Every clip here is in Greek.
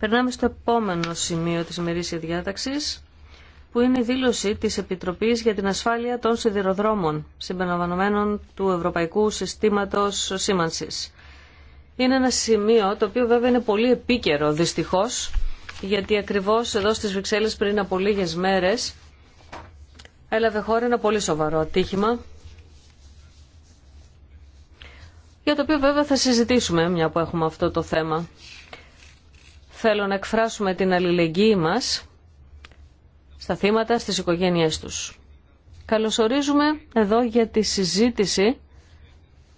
Περνάμε στο επόμενο σημείο της ημερήσιας διάταξης, που είναι η δήλωση της Επιτροπής για την Ασφάλεια των Σιδηροδρόμων, συμπεριλαμβανομένων του Ευρωπαϊκού Συστήματος Σήμανσης. Είναι ένα σημείο το οποίο βέβαια είναι πολύ επίκαιρο δυστυχώς, γιατί ακριβώς εδώ στις Βρυξέλλες πριν από λίγες μέρες έλαβε χώρα ένα πολύ σοβαρό ατύχημα για το οποίο βέβαια θα συζητήσουμε μια που έχουμε αυτό το θέμα. Θέλω να εκφράσουμε την αλληλεγγύη μας στα θύματα, στις οικογένειές τους. Καλωσορίζουμε εδώ για τη συζήτηση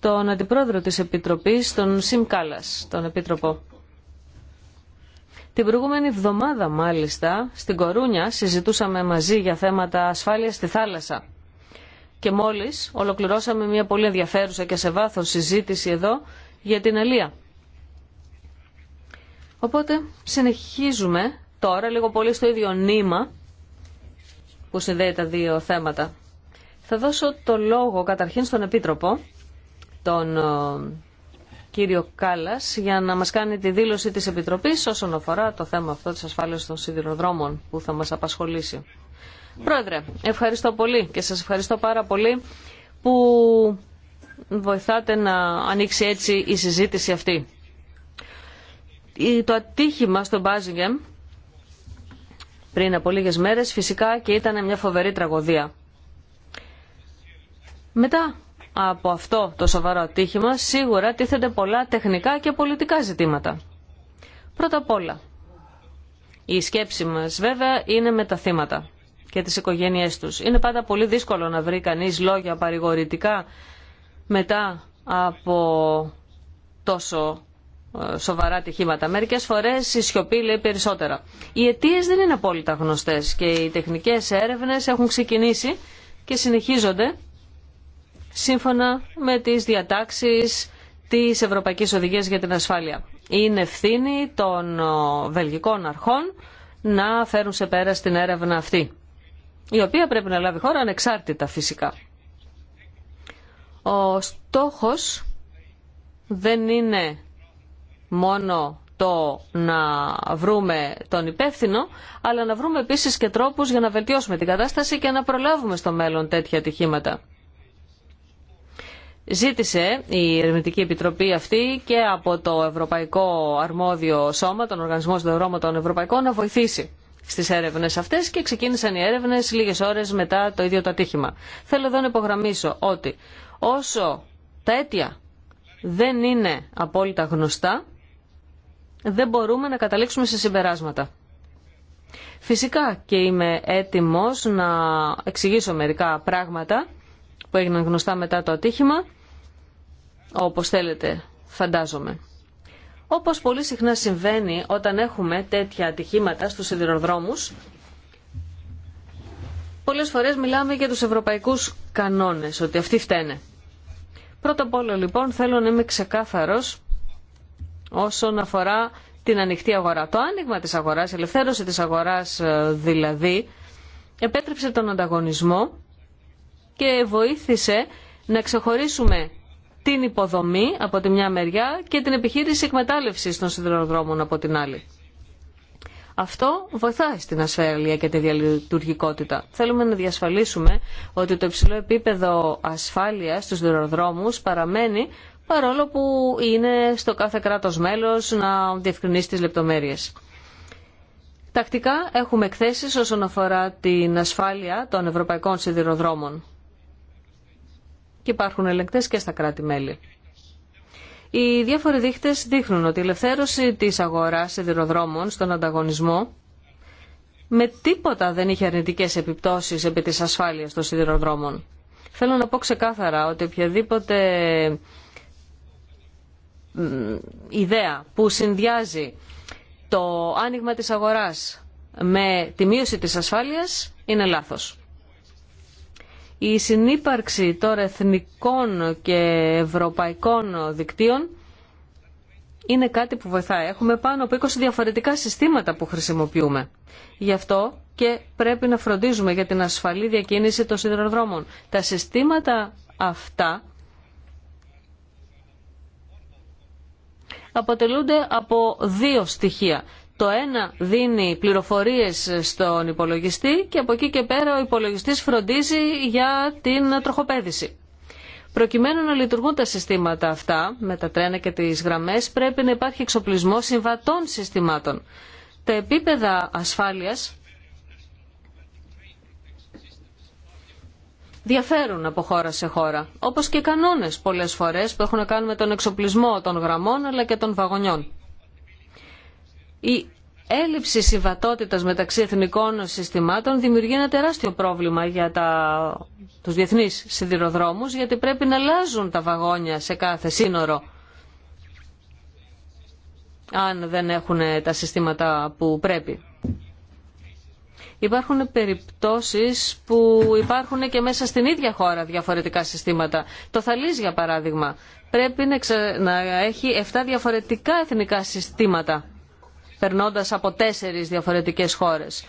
τον Αντιπρόεδρο της Επιτροπής, τον Σιμ Κάλλας, τον Επίτροπο. Την προηγούμενη εβδομάδα μάλιστα στην Κορούνια συζητούσαμε μαζί για θέματα ασφάλειας στη θάλασσα. Και μόλις ολοκληρώσαμε μια πολύ ενδιαφέρουσα και σε βάθος συζήτηση εδώ για την Αλία. Οπότε συνεχίζουμε τώρα λίγο πολύ στο ίδιο νήμα που συνδέει τα δύο θέματα. Θα δώσω το λόγο καταρχήν στον Επίτροπο, τον ε, κύριο Κάλλας, για να μας κάνει τη δήλωση της Επιτροπής όσον αφορά το θέμα αυτό της ασφάλειας των σιδηροδρόμων που θα μας απασχολήσει. Πρόεδρε, ευχαριστώ πολύ και σας ευχαριστώ πάρα πολύ που βοηθάτε να ανοίξει έτσι η συζήτηση αυτή. Το ατύχημα στο Μπάζιγκεμ πριν από λίγες μέρες φυσικά και ήταν μια φοβερή τραγωδία. Μετά από αυτό το σοβαρό ατύχημα σίγουρα τίθενται πολλά τεχνικά και πολιτικά ζητήματα. Πρώτα απ' όλα, η σκέψη μας βέβαια είναι με τα θύματα και τις οικογένειές τους. Είναι πάντα πολύ δύσκολο να βρει κανείς λόγια παρηγορητικά μετά από τόσο σοβαρά ατυχήματα. Μερικέ φορέ η σιωπή λέει περισσότερα. Οι αιτίε δεν είναι απόλυτα γνωστέ και οι τεχνικέ έρευνε έχουν ξεκινήσει και συνεχίζονται σύμφωνα με τι διατάξει τη Ευρωπαϊκή Οδηγία για την Ασφάλεια. Είναι ευθύνη των ε, βελγικών αρχών να φέρουν σε πέρα στην έρευνα αυτή, η οποία πρέπει να λάβει χώρα ανεξάρτητα φυσικά. Ο στόχος δεν είναι μόνο το να βρούμε τον υπεύθυνο, αλλά να βρούμε επίσης και τρόπους για να βελτιώσουμε την κατάσταση και να προλάβουμε στο μέλλον τέτοια ατυχήματα. Ζήτησε η Ερευνητική Επιτροπή αυτή και από το Ευρωπαϊκό Αρμόδιο Σώμα, τον Οργανισμό των Ευρωπαϊκών, να βοηθήσει στις έρευνες αυτές και ξεκίνησαν οι έρευνες λίγες ώρες μετά το ίδιο το ατύχημα. Θέλω εδώ να υπογραμμίσω ότι όσο τα αίτια δεν είναι απόλυτα γνωστά, δεν μπορούμε να καταλήξουμε σε συμπεράσματα. Φυσικά και είμαι έτοιμος να εξηγήσω μερικά πράγματα που έγιναν γνωστά μετά το ατύχημα, όπως θέλετε φαντάζομαι. Όπως πολύ συχνά συμβαίνει όταν έχουμε τέτοια ατυχήματα στους σιδηροδρόμους, πολλές φορές μιλάμε για τους ευρωπαϊκούς κανόνες, ότι αυτοί φταίνε. Πρώτα απ' όλο λοιπόν θέλω να είμαι ξεκάθαρος όσον αφορά την ανοιχτή αγορά. Το άνοιγμα της αγοράς, η ελευθέρωση της αγοράς ε, δηλαδή, επέτρεψε τον ανταγωνισμό και βοήθησε να ξεχωρίσουμε την υποδομή από τη μια μεριά και την επιχείρηση εκμετάλλευσης των σιδηροδρόμων από την άλλη. Αυτό βοηθάει στην ασφάλεια και τη διαλειτουργικότητα. Θέλουμε να διασφαλίσουμε ότι το υψηλό επίπεδο ασφάλειας στους σιδηροδρόμους παραμένει παρόλο που είναι στο κάθε κράτος μέλος να διευκρινίσει τις λεπτομέρειες. Τακτικά έχουμε εκθέσεις όσον αφορά την ασφάλεια των ευρωπαϊκών σιδηροδρόμων και υπάρχουν ελεγκτές και στα κράτη-μέλη. Οι διάφοροι δείχτες δείχνουν ότι η ελευθέρωση της αγοράς σιδηροδρόμων στον ανταγωνισμό με τίποτα δεν είχε αρνητικές επιπτώσεις επί της ασφάλειας των σιδηροδρόμων. Θέλω να πω ξεκάθαρα ότι οποιαδήποτε ιδέα που συνδυάζει το άνοιγμα της αγοράς με τη μείωση της ασφάλειας είναι λάθος. Η συνύπαρξη τώρα εθνικών και ευρωπαϊκών δικτύων είναι κάτι που βοηθάει. Έχουμε πάνω από 20 διαφορετικά συστήματα που χρησιμοποιούμε. Γι' αυτό και πρέπει να φροντίζουμε για την ασφαλή διακίνηση των σιδηροδρόμων. Τα συστήματα αυτά αποτελούνται από δύο στοιχεία. Το ένα δίνει πληροφορίες στον υπολογιστή και από εκεί και πέρα ο υπολογιστής φροντίζει για την τροχοπέδηση. Προκειμένου να λειτουργούν τα συστήματα αυτά, με τα τρένα και τις γραμμές, πρέπει να υπάρχει εξοπλισμό συμβατών συστημάτων. Τα επίπεδα ασφάλειας διαφέρουν από χώρα σε χώρα. Όπως και οι κανόνες πολλές φορές που έχουν να κάνουν με τον εξοπλισμό των γραμμών αλλά και των βαγονιών. Η έλλειψη συμβατότητας μεταξύ εθνικών συστημάτων δημιουργεί ένα τεράστιο πρόβλημα για τα... τους διεθνείς σιδηροδρόμους γιατί πρέπει να αλλάζουν τα βαγόνια σε κάθε σύνορο αν δεν έχουν τα συστήματα που πρέπει. Υπάρχουν περιπτώσεις που υπάρχουν και μέσα στην ίδια χώρα διαφορετικά συστήματα. Το Θαλής, για παράδειγμα, πρέπει να έχει 7 διαφορετικά εθνικά συστήματα, περνώντας από 4 διαφορετικές χώρες.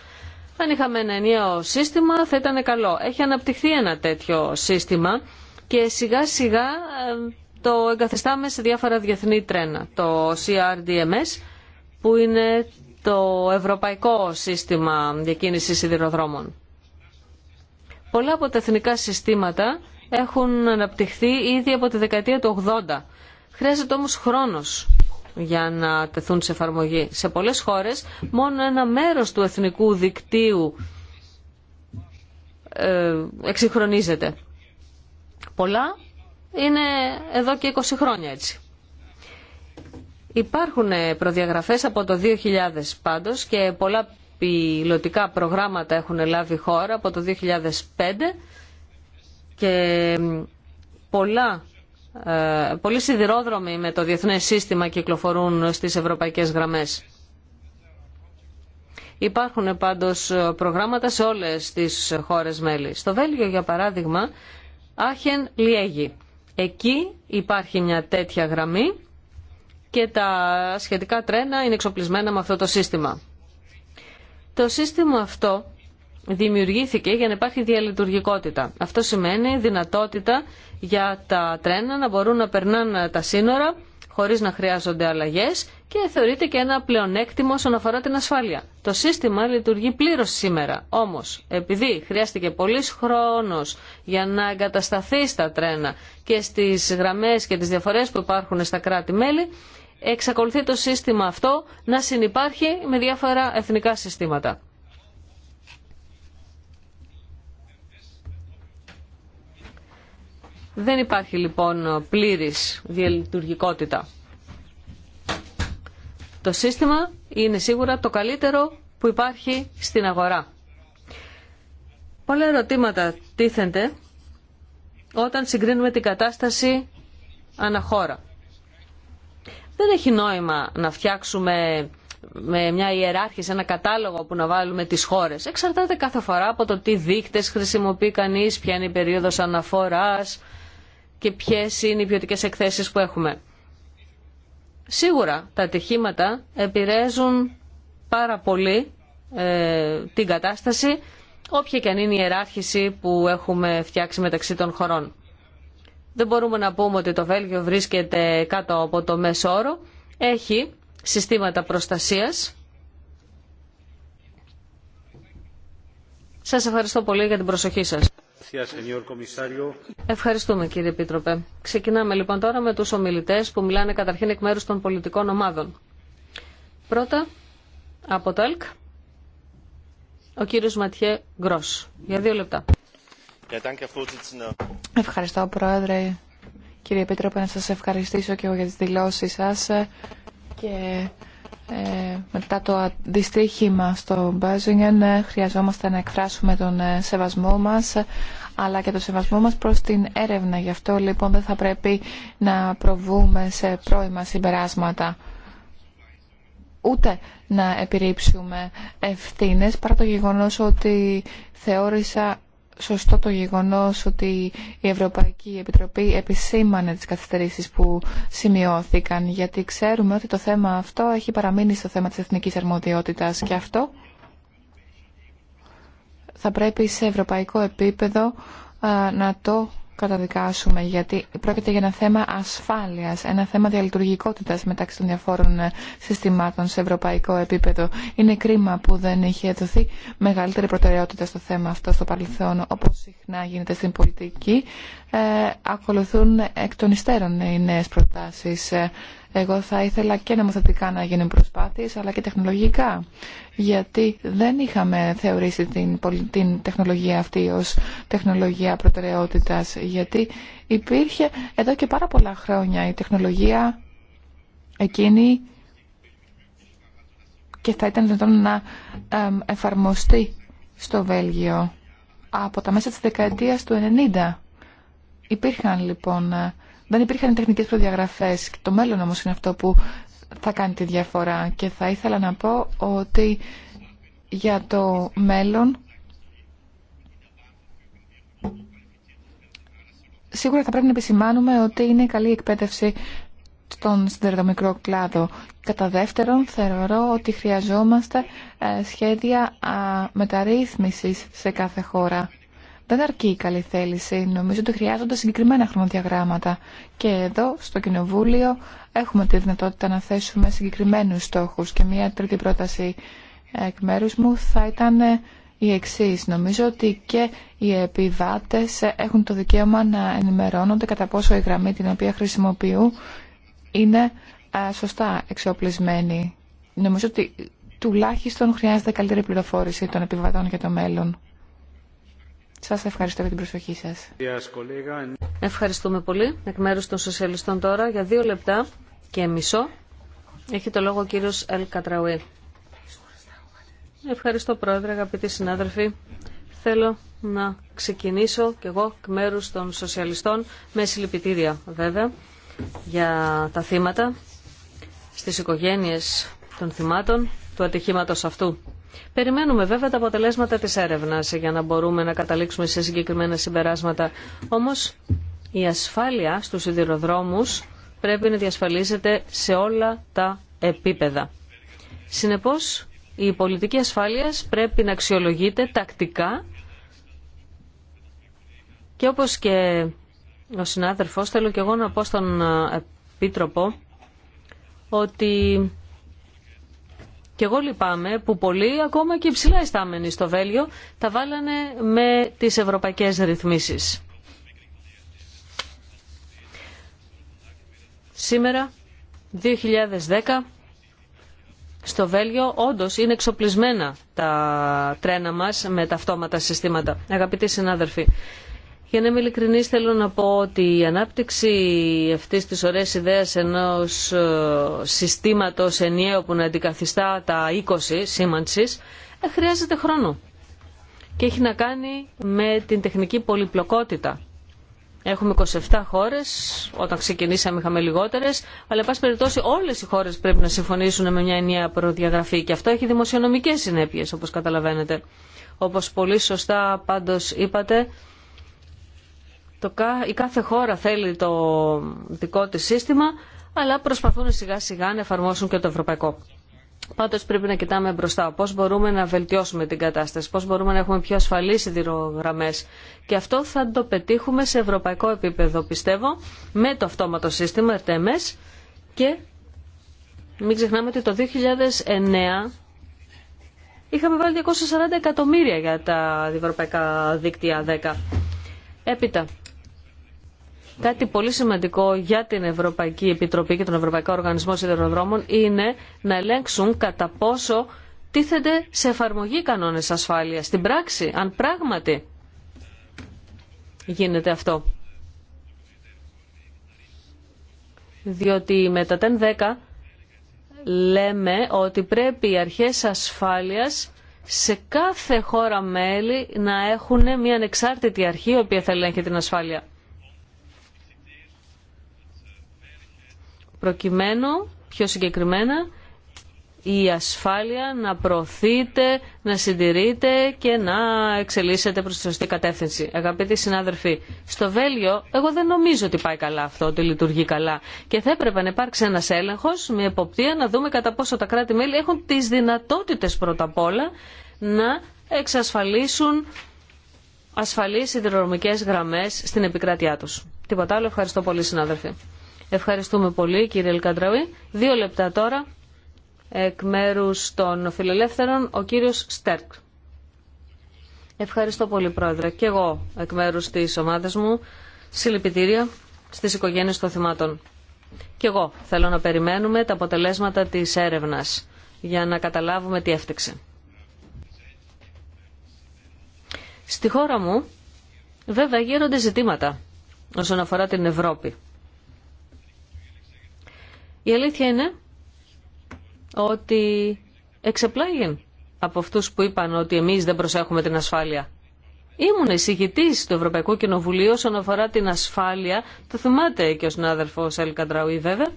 Αν είχαμε ένα ενιαίο σύστημα θα ήταν καλό. Έχει αναπτυχθεί ένα τέτοιο σύστημα και σιγά σιγά το εγκαθιστάμε σε διάφορα διεθνή τρένα. Το CRDMS που είναι το ευρωπαϊκό σύστημα διακίνησης σιδηροδρόμων. Πολλά από τα εθνικά συστήματα έχουν αναπτυχθεί ήδη από τη δεκαετία του 80. Χρειάζεται όμως χρόνος για να τεθούν σε εφαρμογή. Σε πολλές χώρες μόνο ένα μέρος του εθνικού δικτύου ε, εξυγχρονίζεται. Πολλά είναι εδώ και 20 χρόνια έτσι. Υπάρχουν ε, προδιαγραφές από το 2000 πάντως και πολλά πιλωτικά προγράμματα έχουν λάβει χώρα από το 2005 και πολλά, ε, πολλοί σιδηρόδρομοι με το Διεθνές Σύστημα κυκλοφορούν στις ευρωπαϊκές γραμμές. Υπάρχουν ε, πάντως προγράμματα σε όλες τις χώρες μέλη. Στο Βέλγιο, για παράδειγμα, Άχεν Λιέγη. Εκεί υπάρχει μια τέτοια γραμμή και τα σχετικά τρένα είναι εξοπλισμένα με αυτό το σύστημα. Το σύστημα αυτό δημιουργήθηκε για να υπάρχει διαλειτουργικότητα. Αυτό σημαίνει δυνατότητα για τα τρένα να μπορούν να περνάνε τα σύνορα χωρίς να χρειάζονται αλλαγές και θεωρείται και ένα πλεονέκτημα όσον αφορά την ασφάλεια. Το σύστημα λειτουργεί πλήρως σήμερα, όμως επειδή χρειάστηκε πολύς χρόνος για να εγκατασταθεί στα τρένα και στις γραμμές και τις διαφορές που υπάρχουν στα κράτη-μέλη, εξακολουθεί το σύστημα αυτό να συνεπάρχει με διάφορα εθνικά συστήματα. Δεν υπάρχει λοιπόν πλήρης διαλειτουργικότητα. Το σύστημα είναι σίγουρα το καλύτερο που υπάρχει στην αγορά. Πολλά ερωτήματα τίθενται όταν συγκρίνουμε την κατάσταση αναχώρα. Δεν έχει νόημα να φτιάξουμε με μια ιεράρχηση, ένα κατάλογο που να βάλουμε τις χώρες. Εξαρτάται κάθε φορά από το τι δείκτες χρησιμοποιεί κανείς, ποια είναι η περίοδος αναφοράς και ποιες είναι οι ποιοτικές εκθέσεις που έχουμε. Σίγουρα τα ατυχήματα επηρέαζουν πάρα πολύ ε, την κατάσταση, όποια και αν είναι η ιεράρχηση που έχουμε φτιάξει μεταξύ των χωρών δεν μπορούμε να πούμε ότι το Βέλγιο βρίσκεται κάτω από το μέσο όρο. Έχει συστήματα προστασίας. Σας ευχαριστώ πολύ για την προσοχή σας. Ευχαριστούμε κύριε Επίτροπε. Ξεκινάμε λοιπόν τώρα με τους ομιλητές που μιλάνε καταρχήν εκ μέρους των πολιτικών ομάδων. Πρώτα, από το ΕΛΚ, ο κύριος Ματιέ Γκρός. Για δύο λεπτά. Ε, Ευχαριστώ, Πρόεδρε. Κύριε Επίτροπε, να σας ευχαριστήσω και εγώ για τις δηλώσεις σας και ε, μετά το δυστύχημα στο Μπέζιγεν, ε, χρειαζόμαστε να εκφράσουμε τον σεβασμό μας αλλά και το σεβασμό μας προς την έρευνα. Γι' αυτό λοιπόν δεν θα πρέπει να προβούμε σε πρώιμα συμπεράσματα ούτε να επιρρύψουμε ευθύνες παρά το γεγονός ότι θεώρησα σωστό το γεγονός ότι η Ευρωπαϊκή Επιτροπή επισήμανε τις καθυστερήσεις που σημειώθηκαν, γιατί ξέρουμε ότι το θέμα αυτό έχει παραμείνει στο θέμα της εθνικής αρμοδιότητας και αυτό θα πρέπει σε ευρωπαϊκό επίπεδο να το καταδικάσουμε γιατί πρόκειται για ένα θέμα ασφάλειας, ένα θέμα διαλειτουργικότητας μεταξύ των διαφόρων ε, συστημάτων σε ευρωπαϊκό επίπεδο. Είναι κρίμα που δεν είχε δοθεί μεγαλύτερη προτεραιότητα στο θέμα αυτό στο παρελθόν όπως συχνά γίνεται στην πολιτική. Ε, ακολουθούν εκ των υστέρων οι νέες προτάσεις ε, εγώ θα ήθελα και νομοθετικά να γίνουν προσπάθειες, αλλά και τεχνολογικά, γιατί δεν είχαμε θεωρήσει την, την τεχνολογία αυτή ως τεχνολογία προτεραιότητας, γιατί υπήρχε εδώ και πάρα πολλά χρόνια η τεχνολογία εκείνη και θα ήταν δυνατόν να εφαρμοστεί στο Βέλγιο από τα μέσα της δεκαετίας του 90. Υπήρχαν λοιπόν δεν υπήρχαν τεχνικές προδιαγραφές. Το μέλλον όμως είναι αυτό που θα κάνει τη διαφορά. Και θα ήθελα να πω ότι για το μέλλον σίγουρα θα πρέπει να επισημάνουμε ότι είναι καλή εκπαίδευση στον συνδεδομικρό κλάδο. Κατά δεύτερον, θεωρώ ότι χρειαζόμαστε ε, σχέδια μεταρρύθμισης σε κάθε χώρα. Δεν αρκεί η καλή θέληση. Νομίζω ότι χρειάζονται συγκεκριμένα χρονοδιαγράμματα. Και εδώ, στο Κοινοβούλιο, έχουμε τη δυνατότητα να θέσουμε συγκεκριμένου στόχου. Και μια τρίτη πρόταση εκ μέρου μου θα ήταν ε, η εξή. Νομίζω ότι και οι επιβάτε ε, έχουν το δικαίωμα να ενημερώνονται κατά πόσο η γραμμή την οποία χρησιμοποιούν είναι ε, σωστά εξοπλισμένη. Νομίζω ότι τουλάχιστον χρειάζεται καλύτερη πληροφόρηση των επιβατών για το μέλλον. Σας ευχαριστώ για την προσοχή σας. Ευχαριστούμε πολύ. Εκ μέρους των σοσιαλιστών τώρα για δύο λεπτά και μισό έχει το λόγο ο κύριος Ελ Κατραουή. Ευχαριστώ πρόεδρε, αγαπητοί συνάδελφοι. Θέλω να ξεκινήσω κι εγώ εκ μέρους των σοσιαλιστών με συλληπιτήρια βέβαια για τα θύματα στις οικογένειες των θυμάτων του ατυχήματος αυτού. Περιμένουμε βέβαια τα αποτελέσματα της έρευνας για να μπορούμε να καταλήξουμε σε συγκεκριμένα συμπεράσματα. Όμως η ασφάλεια στους σιδηροδρόμους πρέπει να διασφαλίζεται σε όλα τα επίπεδα. Συνεπώς η πολιτική ασφάλειας πρέπει να αξιολογείται τακτικά και όπως και ο συνάδελφος θέλω και εγώ να πω στον Επίτροπο ότι και εγώ λυπάμαι που πολλοί, ακόμα και υψηλά ιστάμενοι στο Βέλγιο, τα βάλανε με τις ευρωπαϊκές ρυθμίσεις. Σήμερα, 2010, στο βελίο όντως είναι εξοπλισμένα τα τρένα μας με τα αυτόματα συστήματα. Αγαπητοί συνάδελφοι, για να είμαι ειλικρινή, θέλω να πω ότι η ανάπτυξη αυτή τη ωραία ιδέας ενό ε, συστήματο ενιαίου που να αντικαθιστά τα 20 σήμανση, ε, χρειάζεται χρόνο και έχει να κάνει με την τεχνική πολυπλοκότητα. Έχουμε 27 χώρε, όταν ξεκινήσαμε είχαμε λιγότερε, αλλά πάση περιπτώσει όλες οι χώρε πρέπει να συμφωνήσουν με μια ενιαία προδιαγραφή και αυτό έχει δημοσιονομικέ συνέπειε, όπω καταλαβαίνετε. Όπω πολύ σωστά πάντω είπατε, το, η κάθε χώρα θέλει το δικό της σύστημα, αλλά προσπαθούν σιγά σιγά να εφαρμόσουν και το ευρωπαϊκό. Πάντω πρέπει να κοιτάμε μπροστά πώ μπορούμε να βελτιώσουμε την κατάσταση, πώ μπορούμε να έχουμε πιο ασφαλείς σιδηρογραμμέ. Και αυτό θα το πετύχουμε σε ευρωπαϊκό επίπεδο, πιστεύω, με το αυτόματο σύστημα RTMS και μην ξεχνάμε ότι το 2009 είχαμε βάλει 240 εκατομμύρια για τα ευρωπαϊκά δίκτυα 10. Έπειτα, Κάτι πολύ σημαντικό για την Ευρωπαϊκή Επιτροπή και τον Ευρωπαϊκό Οργανισμό Σιδηροδρόμων είναι να ελέγξουν κατά πόσο τίθενται σε εφαρμογή κανόνε ασφάλεια. στην πράξη, αν πράγματι γίνεται αυτό. Διότι με τα 10 λέμε ότι πρέπει οι αρχές ασφάλειας σε κάθε χώρα μέλη να έχουν μια ανεξάρτητη αρχή η οποία θα ελέγχει την ασφάλεια. προκειμένου πιο συγκεκριμένα η ασφάλεια να προωθείτε, να συντηρείτε και να εξελίσσετε προς τη σωστή κατεύθυνση. Αγαπητοί συνάδελφοι, στο Βέλιο εγώ δεν νομίζω ότι πάει καλά αυτό, ότι λειτουργεί καλά. Και θα έπρεπε να υπάρξει ένας έλεγχος, με εποπτεία, να δούμε κατά πόσο τα κράτη-μέλη έχουν τις δυνατότητες πρώτα απ' όλα να εξασφαλίσουν ασφαλείς σιδηροδρομικές γραμμές στην επικράτειά τους. Τίποτα άλλο, ευχαριστώ πολύ συνάδελφοι. Ευχαριστούμε πολύ κύριε Ελκαντραουή. Δύο λεπτά τώρα εκ μέρου των φιλελεύθερων ο κύριος Στέρκ. Ευχαριστώ πολύ πρόεδρε και εγώ εκ μέρου της ομάδας μου συλληπιτήρια στις οικογένειες των θυμάτων. Και εγώ θέλω να περιμένουμε τα αποτελέσματα της έρευνας για να καταλάβουμε τι έφτιαξε. Στη χώρα μου βέβαια γίνονται ζητήματα όσον αφορά την Ευρώπη. Η αλήθεια είναι ότι εξεπλάγει από αυτούς που είπαν ότι εμείς δεν προσέχουμε την ασφάλεια. Ήμουν εισηγητή του Ευρωπαϊκού Κοινοβουλίου όσον αφορά την ασφάλεια. Το θυμάται και ο συνάδελφο Ελ Καντραουή, βέβαια.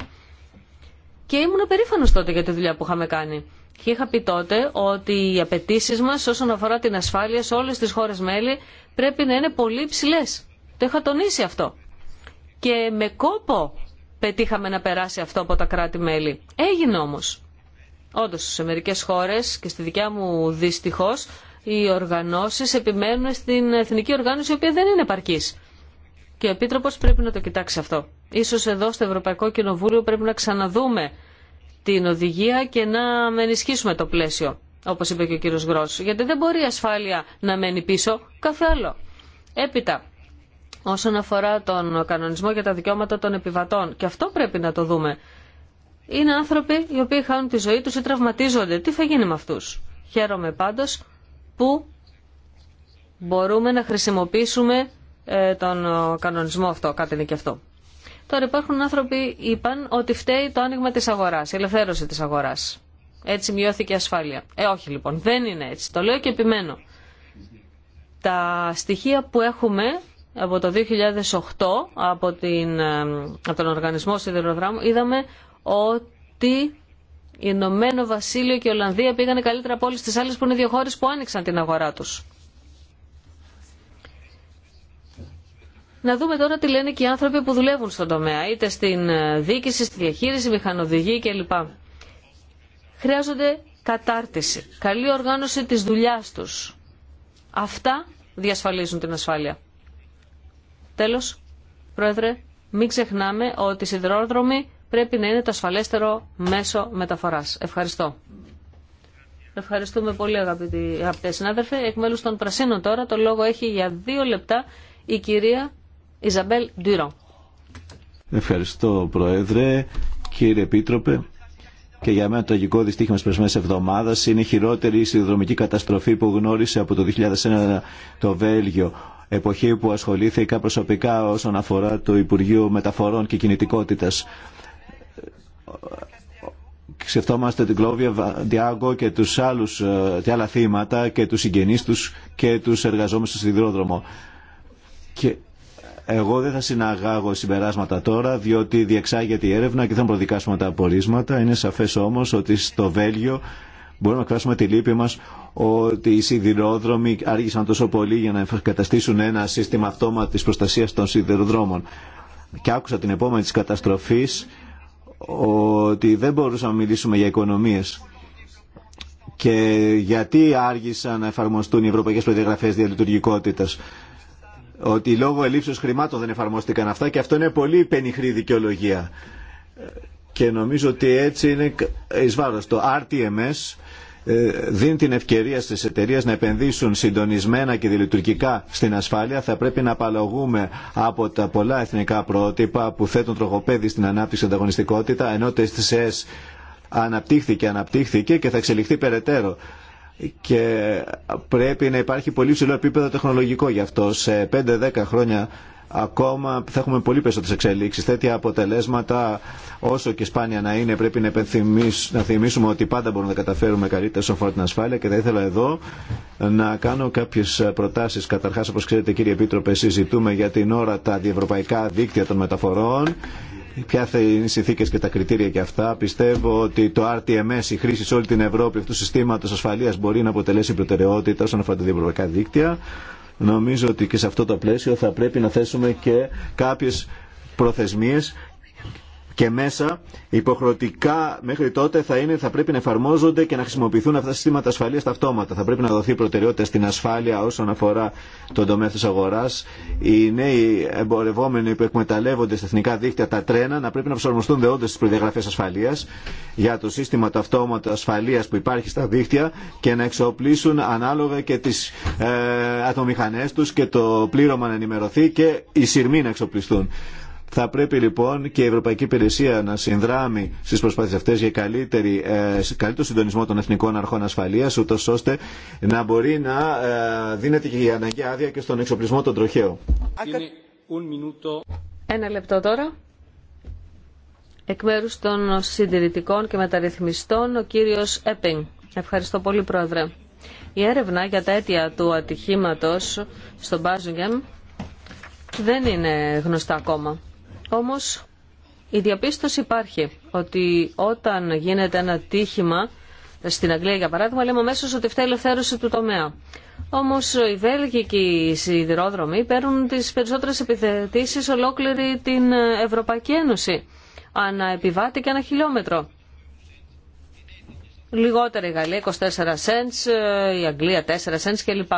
Και ήμουν περήφανο τότε για τη δουλειά που είχαμε κάνει. Και είχα πει τότε ότι οι απαιτήσει μα όσον αφορά την ασφάλεια σε όλε τι χώρε μέλη πρέπει να είναι πολύ υψηλέ. Το είχα τονίσει αυτό. Και με κόπο πετύχαμε να περάσει αυτό από τα κράτη-μέλη. Έγινε όμω. Όντω, σε μερικές χώρες και στη δικιά μου δυστυχώ οι οργανώσεις επιμένουν στην εθνική οργάνωση, η οποία δεν είναι επαρκή. Και ο επίτροπο πρέπει να το κοιτάξει αυτό. Ίσως εδώ στο Ευρωπαϊκό Κοινοβούλιο πρέπει να ξαναδούμε την οδηγία και να ενισχύσουμε το πλαίσιο, όπω είπε και ο κύριο Γκρό. Γιατί δεν μπορεί η ασφάλεια να μένει πίσω, καθ' άλλο. Έπειτα, όσον αφορά τον κανονισμό για τα δικαιώματα των επιβατών. Και αυτό πρέπει να το δούμε. Είναι άνθρωποι οι οποίοι χάνουν τη ζωή τους ή τραυματίζονται. Τι θα γίνει με αυτούς. Χαίρομαι πάντως που μπορούμε να χρησιμοποιήσουμε ε, τον ε, κανονισμό αυτό. Κάτι είναι και αυτό. Τώρα υπάρχουν άνθρωποι που είπαν ότι φταίει το άνοιγμα της αγοράς, η ελευθέρωση της αγοράς. Έτσι μειώθηκε η ασφάλεια. Ε, όχι λοιπόν, δεν είναι έτσι. Το λέω και επιμένω. Τα στοιχεία που έχουμε από το 2008 από, την, ε, από τον Οργανισμό Σιδηροδράμου είδαμε ότι η Ηνωμένο Βασίλειο και Ολλανδία πήγανε καλύτερα από όλες τις άλλες που είναι δύο χώρες που άνοιξαν την αγορά τους. Να δούμε τώρα τι λένε και οι άνθρωποι που δουλεύουν στον τομέα, είτε στην ε, διοίκηση, στη διαχείριση, μηχανοδηγή κλπ. Χρειάζονται κατάρτιση, καλή οργάνωση της δουλειάς τους. Αυτά διασφαλίζουν την ασφάλεια. Τέλο, Πρόεδρε, μην ξεχνάμε ότι οι σιδηρόδρομοι πρέπει να είναι το ασφαλέστερο μέσο μεταφορά. Ευχαριστώ. Ευχαριστούμε πολύ αγαπητοί, αγαπητές συνάδελφοι. Εκ μέλους των Πρασίνων τώρα το λόγο έχει για δύο λεπτά η κυρία Ιζαμπέλ Ντουιρό. Ευχαριστώ Πρόεδρε, κύριε Επίτροπε. Και για μένα το τραγικό δυστύχημα τη περσμένη εβδομάδα είναι η χειρότερη σιδηροδρομική καταστροφή που γνώρισε από το 2001 το Βέλγιο εποχή που ασχολήθηκα προσωπικά όσον αφορά το Υπουργείο Μεταφορών και Κινητικότητας. Ξεφτόμαστε την Κλόβια Διάγκο και τους άλλους, ε, και άλλα θύματα και τους συγγενείς τους και τους εργαζόμενους στο σιδηρόδρομο. Και εγώ δεν θα συναγάγω συμπεράσματα τώρα, διότι διεξάγεται η έρευνα και δεν προδικάσουμε τα απορίσματα. Είναι σαφές όμως ότι στο Βέλγιο μπορούμε να κράσουμε τη λύπη μας ότι οι σιδηρόδρομοι άργησαν τόσο πολύ για να καταστήσουν ένα σύστημα αυτόματης προστασίας των σιδηροδρόμων. Και άκουσα την επόμενη της καταστροφής ότι δεν μπορούσαμε να μιλήσουμε για οικονομίες. Και γιατί άργησαν να εφαρμοστούν οι ευρωπαϊκές προδιαγραφές διαλειτουργικότητας. Ότι λόγω ελλείψεως χρημάτων δεν εφαρμόστηκαν αυτά και αυτό είναι πολύ πενιχρή δικαιολογία. Και νομίζω ότι έτσι είναι εις βάρος. Το RTMS ε, δίνει την ευκαιρία στις εταιρείες να επενδύσουν συντονισμένα και δηλειτουργικά στην ασφάλεια θα πρέπει να απαλλαγούμε από τα πολλά εθνικά πρότυπα που θέτουν τροχοπέδι στην ανάπτυξη ανταγωνιστικότητα ενώ το STS αναπτύχθηκε, αναπτύχθηκε και θα εξελιχθεί περαιτέρω και πρέπει να υπάρχει πολύ ψηλό επίπεδο τεχνολογικό γι' αυτό. Σε 5-10 χρόνια ακόμα θα έχουμε πολύ περισσότερε εξελίξει. Τέτοια αποτελέσματα, όσο και σπάνια να είναι, πρέπει να, να θυμίσουμε ότι πάντα μπορούμε να καταφέρουμε καλύτερα όσον αφορά την ασφάλεια και θα ήθελα εδώ να κάνω κάποιε προτάσει. Καταρχά, όπω ξέρετε, κύριε Επίτροπε, συζητούμε για την ώρα τα διευρωπαϊκά δίκτυα των μεταφορών. Ποια θα είναι οι συνθήκε και τα κριτήρια και αυτά. Πιστεύω ότι το RTMS, η χρήση σε όλη την Ευρώπη αυτού του συστήματο ασφαλεία μπορεί να αποτελέσει προτεραιότητα όσον αφορά τα διευρωπαϊκά δίκτυα. Νομίζω ότι και σε αυτό το πλαίσιο θα πρέπει να θέσουμε και κάποιες προθεσμίες και μέσα υποχρεωτικά μέχρι τότε θα, είναι, θα πρέπει να εφαρμόζονται και να χρησιμοποιηθούν αυτά τα συστήματα ασφαλεία ταυτόματα. Θα πρέπει να δοθεί προτεραιότητα στην ασφάλεια όσον αφορά τον τομέα τη αγορά. Οι νέοι εμπορευόμενοι που εκμεταλλεύονται στα εθνικά δίκτυα τα τρένα να πρέπει να προσαρμοστούν δεόντω στι προδιαγραφέ ασφαλεία για το σύστημα ταυτόματο ασφαλεία που υπάρχει στα δίκτυα και να εξοπλίσουν ανάλογα και τι ε, ατομηχανέ του και το πλήρωμα να ενημερωθεί και οι σειρμοί να εξοπλιστούν. Θα πρέπει λοιπόν και η Ευρωπαϊκή Υπηρεσία να συνδράμει στι προσπάθειε αυτέ για καλύτερη, ε, καλύτερο συντονισμό των εθνικών αρχών ασφαλεία, ούτω ώστε να μπορεί να ε, δίνεται και η αναγκαία άδεια και στον εξοπλισμό των τροχαίων. Ένα λεπτό τώρα. Εκ μέρου των συντηρητικών και μεταρρυθμιστών, ο κύριο Έπινγκ. Ευχαριστώ πολύ, Πρόεδρε. Η έρευνα για τα αίτια του ατυχήματο στον Μπάζουγεμ δεν είναι γνωστά ακόμα. Όμως η διαπίστωση υπάρχει ότι όταν γίνεται ένα τύχημα στην Αγγλία για παράδειγμα λέμε αμέσω ότι φταίει η ελευθέρωση του τομέα. Όμως οι Βέλγοι και οι σιδηρόδρομοι παίρνουν τις περισσότερες επιθετήσεις ολόκληρη την Ευρωπαϊκή Ένωση ανά επιβάτη και ένα χιλιόμετρο λιγότερα η Γαλλία, 24 cents, ε, η Αγγλία 4 cents κλπ.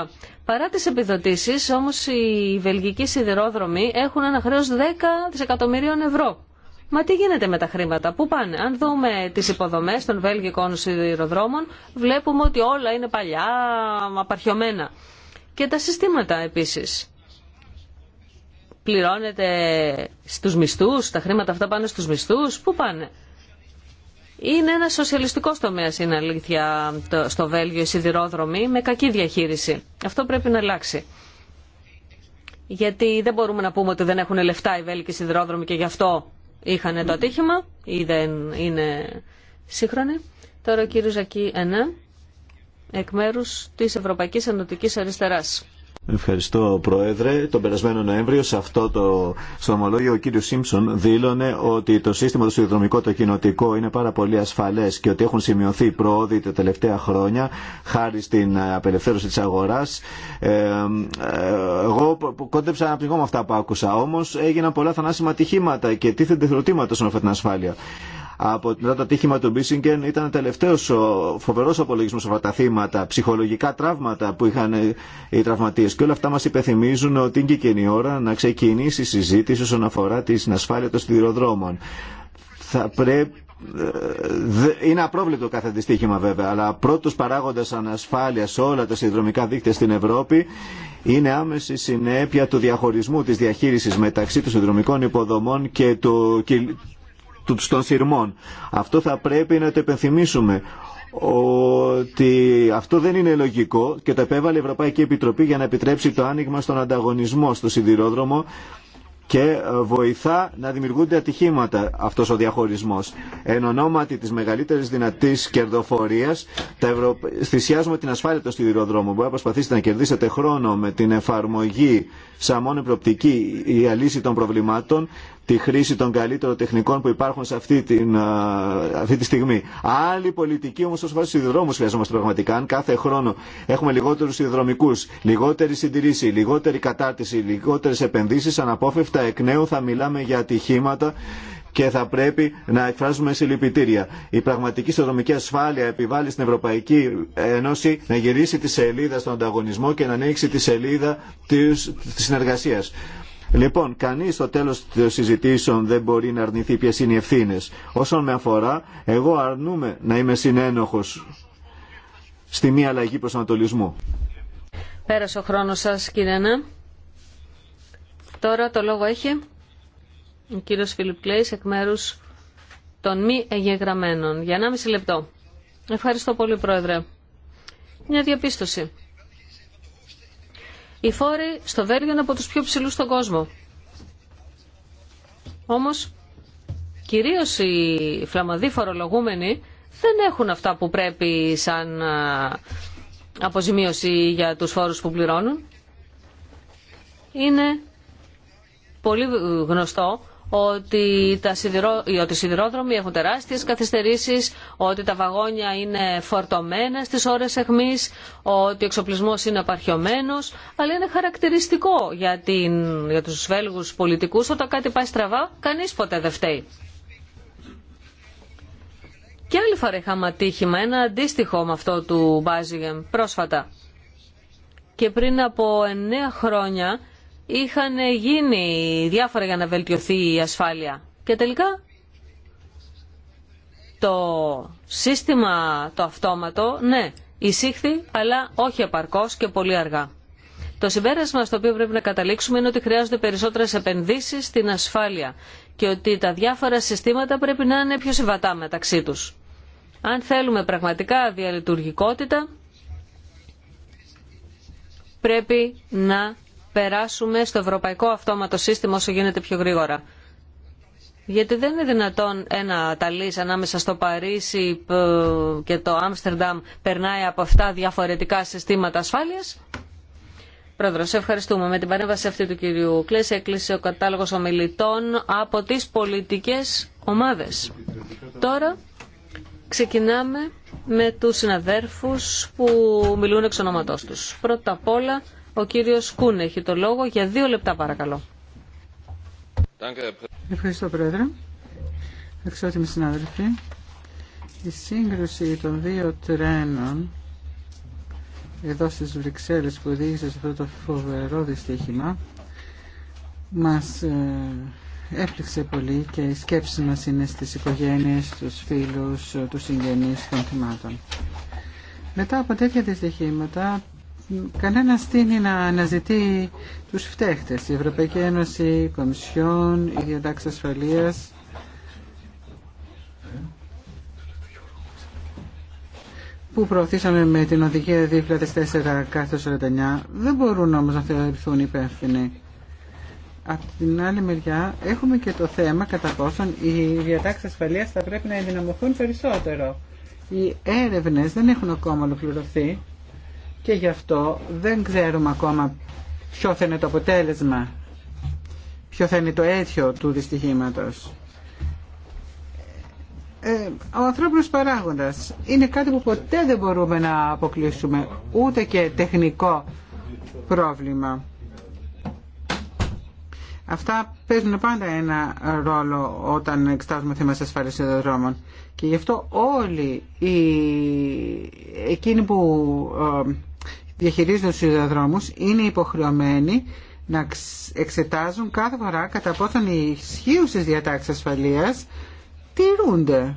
Παρά τις επιδοτήσεις όμως οι βελγικοί σιδηρόδρομοι έχουν ένα χρέος 10 δισεκατομμυρίων ευρώ. Μα τι γίνεται με τα χρήματα, πού πάνε. Αν δούμε τις υποδομές των βέλγικων σιδηροδρόμων βλέπουμε ότι όλα είναι παλιά, απαρχιωμένα. Και τα συστήματα επίσης. Πληρώνεται στους μισθούς, τα χρήματα αυτά πάνε στους μισθούς, πού πάνε. Είναι ένα σοσιαλιστικό τομέα, είναι αλήθεια, στο Βέλγιο, οι σιδηρόδρομοι, με κακή διαχείριση. Αυτό πρέπει να αλλάξει. Γιατί δεν μπορούμε να πούμε ότι δεν έχουν λεφτά οι Βέλγοι σιδηρόδρομοι και γι' αυτό είχαν το ατύχημα ή δεν είναι σύγχρονοι. Τώρα ο κύριο Ζακή ένα εκ μέρου τη Ευρωπαϊκή Ενωτική Αριστερά. Ευχαριστώ Πρόεδρε. Τον περασμένο Νοέμβριο σε αυτό το στο ο κύριος Σίμψον δήλωνε ότι το σύστημα του συνδρομικό το κοινοτικό είναι πάρα πολύ ασφαλές και ότι έχουν σημειωθεί πρόοδοι τα τελευταία χρόνια χάρη στην ε, απελευθέρωση της αγοράς. Ε, ε εγώ κόντεψα να πνιγώ με αυτά που άκουσα όμως έγιναν πολλά θανάσιμα ατυχήματα και τίθενται ερωτήματα σε αυτή την ασφάλεια από μετά το ατύχημα του Μπίσιγκεν ήταν ο τελευταίο ο φοβερός απολογισμός από τα θύματα, ψυχολογικά τραύματα που είχαν ε, οι τραυματίες και όλα αυτά μα υπεθυμίζουν ότι είναι και η ώρα να ξεκινήσει η συζήτηση όσον αφορά την ασφάλεια των σιδηροδρόμων. Θα πρέπει ε, είναι απρόβλεπτο κάθε αντιστοίχημα βέβαια, αλλά πρώτος παράγοντας ανασφάλειας σε όλα τα συνδρομικά δίκτυα στην Ευρώπη είναι άμεση συνέπεια του διαχωρισμού της διαχείρισης μεταξύ των συνδρομικών υποδομών και του, των σειρμών. Αυτό θα πρέπει να το επενθυμίσουμε ότι αυτό δεν είναι λογικό και το επέβαλε η Ευρωπαϊκή Επιτροπή για να επιτρέψει το άνοιγμα στον ανταγωνισμό στο σιδηρόδρομο και ε, βοηθά να δημιουργούνται ατυχήματα αυτός ο διαχωρισμός. Εν ονόματι της μεγαλύτερης δυνατής κερδοφορίας τα Ευρω... θυσιάζουμε την ασφάλεια των σιδηροδρόμων. Μπορεί να προσπαθήσετε να κερδίσετε χρόνο με την εφαρμογή σαν μόνο προπτική η αλύση των προβλημάτων τη χρήση των καλύτερων τεχνικών που υπάρχουν σε αυτή, την, αυτή τη στιγμή. Άλλη πολιτική όμω όσον αφορά του σιδηρόδρομου χρειαζόμαστε πραγματικά. Αν κάθε χρόνο έχουμε λιγότερου σιδηρομικού, λιγότερη συντηρήση, λιγότερη κατάρτιση, λιγότερε επενδύσει, αναπόφευκτα εκ νέου θα μιλάμε για ατυχήματα και θα πρέπει να εκφράζουμε συλληπιτήρια. Η πραγματική σιδηρομική ασφάλεια επιβάλλει στην Ευρωπαϊκή Ένωση να γυρίσει τη σελίδα στον ανταγωνισμό και να ανοίξει τη σελίδα τη συνεργασία. Λοιπόν, κανεί στο τέλο των συζητήσεων δεν μπορεί να αρνηθεί ποιε είναι οι ευθύνε. Όσον με αφορά, εγώ αρνούμαι να είμαι συνένοχο στη μία αλλαγή προσανατολισμού. Πέρασε ο χρόνο σα, κύριε Νά. Τώρα το λόγο έχει ο κύριο Φιλιπ Κλέη εκ μέρου των μη εγγεγραμμένων. Για 1,5 λεπτό. Ευχαριστώ πολύ, Πρόεδρε. Μια διαπίστωση. Οι φόροι στο Βέλγιο είναι από τους πιο ψηλούς στον κόσμο. Όμως, κυρίως οι φλαμαδοί φορολογούμενοι δεν έχουν αυτά που πρέπει σαν αποζημίωση για τους φόρους που πληρώνουν. Είναι πολύ γνωστό ότι, ότι οι σιδηρόδρομοι έχουν τεράστιες καθυστερήσεις, ότι τα βαγόνια είναι φορτωμένα στις ώρες αιχμής, ότι ο εξοπλισμός είναι απαρχιωμένος, αλλά είναι χαρακτηριστικό για, την, για τους Βέλγους πολιτικούς όταν κάτι πάει στραβά, κανείς ποτέ δεν φταίει. Και άλλη φορά είχαμε ατύχημα, ένα αντίστοιχο με αυτό του Μπάζιγεμ πρόσφατα. Και πριν από εννέα χρόνια είχαν γίνει διάφορα για να βελτιωθεί η ασφάλεια. Και τελικά το σύστημα το αυτόματο, ναι, εισήχθη, αλλά όχι επαρκώς και πολύ αργά. Το συμπέρασμα στο οποίο πρέπει να καταλήξουμε είναι ότι χρειάζονται περισσότερες επενδύσεις στην ασφάλεια και ότι τα διάφορα συστήματα πρέπει να είναι πιο συμβατά μεταξύ τους. Αν θέλουμε πραγματικά διαλειτουργικότητα, πρέπει να περάσουμε στο ευρωπαϊκό αυτόματο σύστημα όσο γίνεται πιο γρήγορα. Γιατί δεν είναι δυνατόν ένα ταλής ανάμεσα στο Παρίσι και το Άμστερνταμ περνάει από αυτά διαφορετικά συστήματα ασφάλειας. Πρόεδρο, σε ευχαριστούμε. Με την παρέμβαση αυτή του κυρίου Κλέση έκλεισε ο κατάλογος ομιλητών από τις πολιτικές ομάδες. Τώρα ξεκινάμε με τους συναδέρφους που μιλούν εξ ονόματός τους. Πρώτα απ' όλα ο κύριος Κούν έχει το λόγο για δύο λεπτά παρακαλώ. Ευχαριστώ Πρόεδρε. Εξότιμοι συνάδελφοι. Η σύγκρουση των δύο τρένων εδώ στις Βρυξέλλες που οδήγησε σε αυτό το φοβερό δυστύχημα μας ε, έπληξε πολύ και η σκέψη μας είναι στις οικογένειες, ...τους φίλους, ε, τους συγγενείς των θυμάτων. Μετά από τέτοια δυστυχήματα Κανένα τίνει να αναζητεί τους φταίχτες. Η Ευρωπαϊκή Ένωση, η Κομισιόν, η Διατάξη Ασφαλείας. που προωθήσαμε με την οδηγία 2004-49 δεν μπορούν όμως να θεωρηθούν υπεύθυνοι. Από την άλλη μεριά έχουμε και το θέμα κατά πόσον οι διατάξεις ασφαλείας θα πρέπει να ενδυναμωθούν περισσότερο. Οι έρευνες δεν έχουν ακόμα ολοκληρωθεί και γι' αυτό δεν ξέρουμε ακόμα ποιο θα είναι το αποτέλεσμα, ποιο θα είναι το αίτιο του δυστυχήματος. Ε, ο ανθρώπινος παράγοντας είναι κάτι που ποτέ δεν μπορούμε να αποκλείσουμε, ούτε και τεχνικό πρόβλημα. Αυτά παίζουν πάντα ένα ρόλο όταν εξτάζουμε θέματα σε των δρόμων. Και γι' αυτό όλοι οι... εκείνοι που ε, διαχειρίζονται τους σιδηροδρόμου είναι υποχρεωμένοι να εξετάζουν κάθε φορά κατά πόσον οι ισχύουσε διατάξει ασφαλείας τηρούνται.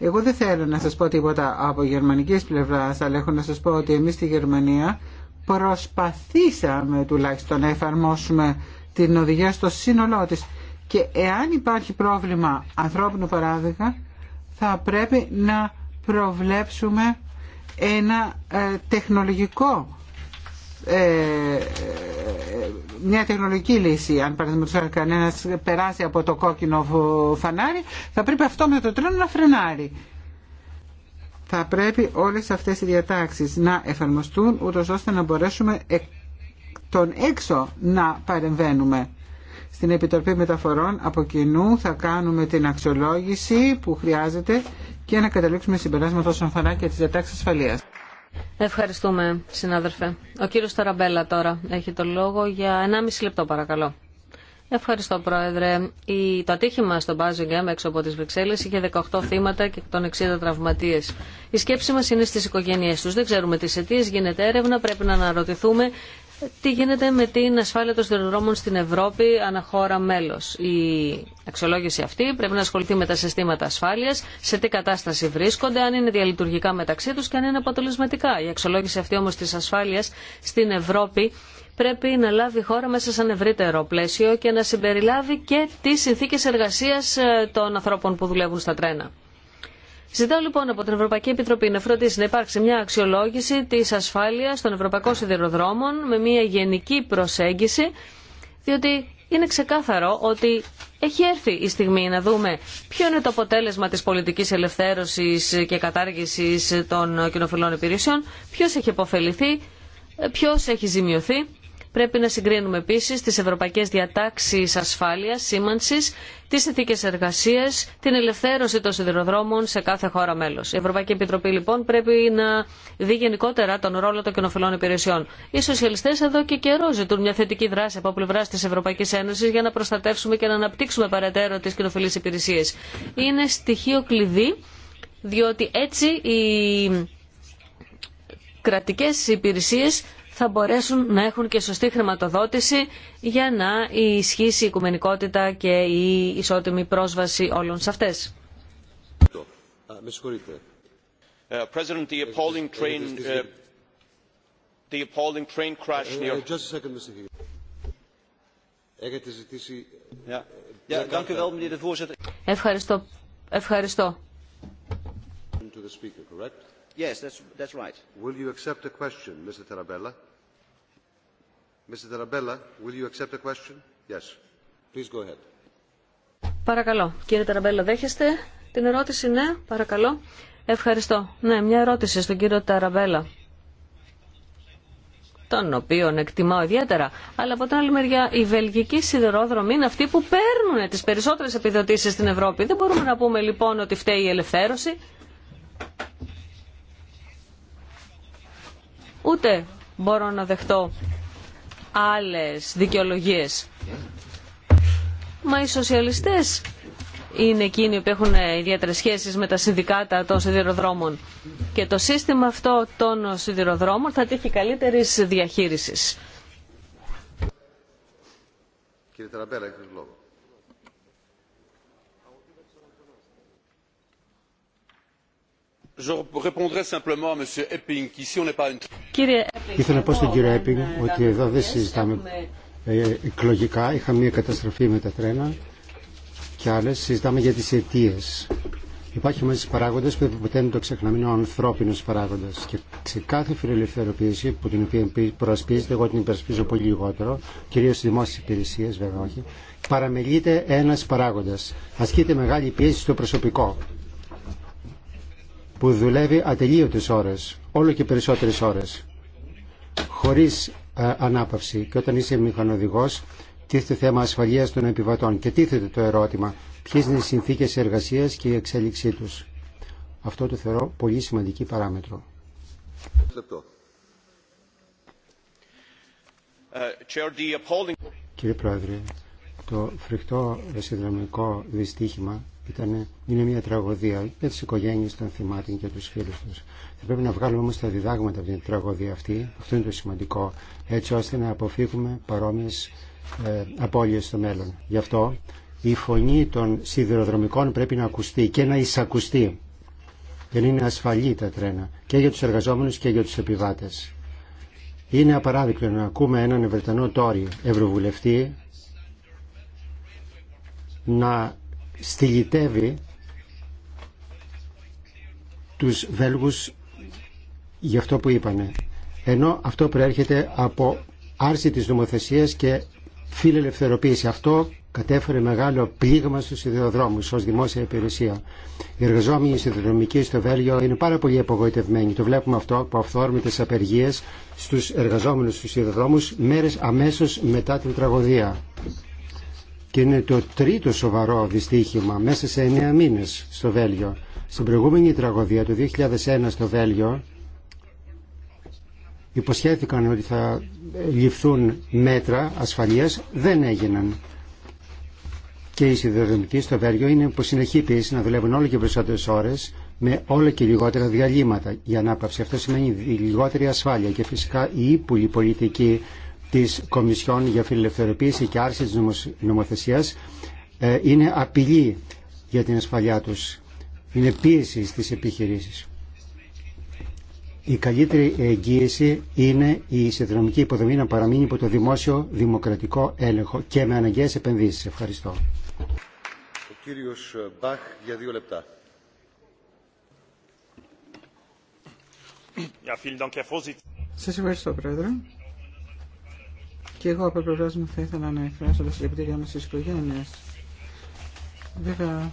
Εγώ δεν θέλω να σας πω τίποτα από γερμανικής πλευράς, αλλά έχω να σας πω ότι εμείς στη Γερμανία προσπαθήσαμε τουλάχιστον να εφαρμόσουμε την οδηγία στο σύνολό της. Και εάν υπάρχει πρόβλημα ανθρώπινου παράδειγμα, θα πρέπει να προβλέψουμε ένα ε, τεχνολογικό ε, μια τεχνολογική λύση αν παραδείγματος κανένας περάσει από το κόκκινο φανάρι θα πρέπει αυτό με το τρένο να φρενάρει θα πρέπει όλες αυτές οι διατάξεις να εφαρμοστούν ούτως ώστε να μπορέσουμε τον έξω να παρεμβαίνουμε στην Επιτροπή Μεταφορών από κοινού θα κάνουμε την αξιολόγηση που χρειάζεται και να καταλήξουμε συμπεράσματα όσον αφορά και τι διατάξει ασφαλείας. Ευχαριστούμε, συνάδελφε. Ο κύριο Ταραμπέλα τώρα έχει το λόγο για 1,5 λεπτό παρακαλώ. Ευχαριστώ, Πρόεδρε. Η... Το ατύχημα στο Μπάζιγκαμ έξω από τι Βρυξέλλε είχε 18 θύματα και των 60 τραυματίε. Η σκέψη μα είναι στι οικογένειέ του. Δεν ξέρουμε τι αιτίε, γίνεται έρευνα, πρέπει να αναρωτηθούμε τι γίνεται με την ασφάλεια των σιδηροδρόμων στην Ευρώπη αναχώρα μέλο, Η αξιολόγηση αυτή πρέπει να ασχοληθεί με τα συστήματα ασφάλειας, σε τι κατάσταση βρίσκονται, αν είναι διαλειτουργικά μεταξύ τους και αν είναι αποτελεσματικά. Η αξιολόγηση αυτή όμως της ασφάλειας στην Ευρώπη πρέπει να λάβει χώρα μέσα σε ένα ευρύτερο πλαίσιο και να συμπεριλάβει και τι συνθήκε εργασία ε, των ανθρώπων που δουλεύουν στα τρένα. Ζητάω λοιπόν από την Ευρωπαϊκή Επιτροπή να φροντίσει να υπάρξει μια αξιολόγηση τη ασφάλεια των Ευρωπαϊκών Σιδηροδρόμων με μια γενική προσέγγιση, διότι είναι ξεκάθαρο ότι έχει έρθει η στιγμή να δούμε ποιο είναι το αποτέλεσμα της πολιτικής ελευθέρωσης και κατάργησης των κοινοφιλών υπηρεσιών, ποιος έχει αποφεληθεί, ποιος έχει ζημιωθεί. Πρέπει να συγκρίνουμε επίση τι ευρωπαϊκέ διατάξει ασφάλεια, σήμανση, τι ηθίκε εργασίε, την ελευθέρωση των σιδηροδρόμων σε κάθε χώρα μέλο. Η Ευρωπαϊκή Επιτροπή λοιπόν πρέπει να δει γενικότερα τον ρόλο των κοινοφιλών υπηρεσιών. Οι σοσιαλιστέ εδώ και καιρό ζητούν μια θετική δράση από πλευρά τη Ευρωπαϊκή Ένωση για να προστατεύσουμε και να αναπτύξουμε παρατέρω τι κοινοφιλεί υπηρεσίε. Είναι στοιχείο κλειδί διότι έτσι οι κρατικές υπηρεσίες θα μπορέσουν να έχουν και σωστή χρηματοδότηση για να ισχύσει η οικουμενικότητα και η ισότιμη πρόσβαση όλων σε αυτές. Ευχαριστώ. Ευχαριστώ. Yes, that's, that's right. Will Παρακαλώ. Κύριε Ταραμπέλα, δέχεστε την ερώτηση, ναι, παρακαλώ. Ευχαριστώ. Ναι, μια ερώτηση στον κύριο Ταραμπέλα τον οποίον εκτιμάω ιδιαίτερα. Αλλά από την άλλη μεριά, οι βελγικοί σιδηρόδρομοι είναι αυτοί που παίρνουν τις περισσότερες επιδοτήσει στην Ευρώπη. Δεν μπορούμε να πούμε λοιπόν ότι φταίει η ελευθέρωση. Ούτε μπορώ να δεχτώ άλλες δικαιολογίες. Μα οι σοσιαλιστές είναι εκείνοι που έχουν ιδιαίτερε σχέσεις με τα συνδικάτα των σιδηροδρόμων. Και το σύστημα αυτό των σιδηροδρόμων θα τύχει καλύτερη διαχείρισης. Κύριε Ήθελα να πω στον κύριο Έπινγκ ότι εδώ δεν συζητάμε ε, εκλογικά. Είχαμε μια καταστροφή με τα τρένα και άλλε συζητάμε για τι αιτίε. Υπάρχει μέσα στου που ποτέ δεν το ξεχνάμε, είναι ο ανθρώπινο παράγοντα. Και σε κάθε φιλελευθερωποίηση που την οποία προασπίζεται, εγώ την υπερασπίζω πολύ λιγότερο, κυρίω στι δημόσιε υπηρεσίε, βέβαια όχι, παραμελείται ένα παράγοντα. Ασκείται μεγάλη πίεση στο προσωπικό που δουλεύει ατελείωτες ώρες, όλο και περισσότερες ώρες, χωρίς ε, ανάπαυση. Και όταν είσαι μηχανοδηγός, τίθεται θέμα ασφαλείας των επιβατών και τίθεται το ερώτημα ποιες είναι οι συνθήκες εργασίας και η εξέλιξή τους. Αυτό το θεωρώ πολύ σημαντική παράμετρο. Ε, Κύριε Πρόεδρε, το φρικτό ε, συνδρομικό δυστύχημα ήταν, είναι μια τραγωδία για τι οικογένειε των θυμάτων και του φίλου του. Θα πρέπει να βγάλουμε όμω τα διδάγματα από την τραγωδία αυτή, αυτό είναι το σημαντικό, έτσι ώστε να αποφύγουμε παρόμοιε ε, απώλειες στο μέλλον. Γι' αυτό η φωνή των σιδηροδρομικών πρέπει να ακουστεί και να εισακουστεί. Δεν είναι ασφαλή τα τρένα και για του εργαζόμενου και για του επιβάτε. Είναι απαράδεκτο να ακούμε έναν Βρετανό τόρι ευρωβουλευτή να στυλιτεύει τους Βέλγους για αυτό που είπαμε. Ενώ αυτό προέρχεται από άρση της νομοθεσίας και φιλελευθεροποίηση. Αυτό κατέφερε μεγάλο πλήγμα στους ιδεοδρόμους ως δημόσια υπηρεσία. Οι εργαζόμενοι σιδηροδρομικοί στο Βέλγιο είναι πάρα πολύ απογοητευμένοι. Το βλέπουμε αυτό από αυθόρμητες απεργίες στους εργαζόμενους στους σιδηροδρόμους μέρες αμέσως μετά την τραγωδία και είναι το τρίτο σοβαρό δυστύχημα μέσα σε εννέα μήνες στο Βέλγιο. Στην προηγούμενη τραγωδία το 2001 στο Βέλγιο υποσχέθηκαν ότι θα ληφθούν μέτρα ασφαλείας, δεν έγιναν. Και οι σιδηροδρομικοί στο Βέλγιο είναι που συνεχίζει να δουλεύουν όλο και περισσότερες ώρες με όλο και λιγότερα διαλύματα. για ανάπαυση αυτό σημαίνει λιγότερη ασφάλεια και φυσικά η ύπουλη πολιτική της Κομισιόν για φιλελευθερωποίηση και άρση της νομοθεσίας ε, είναι απειλή για την ασφαλειά τους. Είναι πίεση στις επιχειρήσεις. Η καλύτερη εγγύηση είναι η συνδρομική υποδομή να παραμείνει υπό το δημόσιο δημοκρατικό έλεγχο και με αναγκαίες επενδύσεις. Ευχαριστώ. κύριος Μπαχ για δύο λεπτά. Σας ευχαριστώ, Πρόεδρε. Και εγώ από πλευρά μου θα ήθελα να εκφράσω τα συλληπιτήριά μου στι οικογένειε. Βέβαια,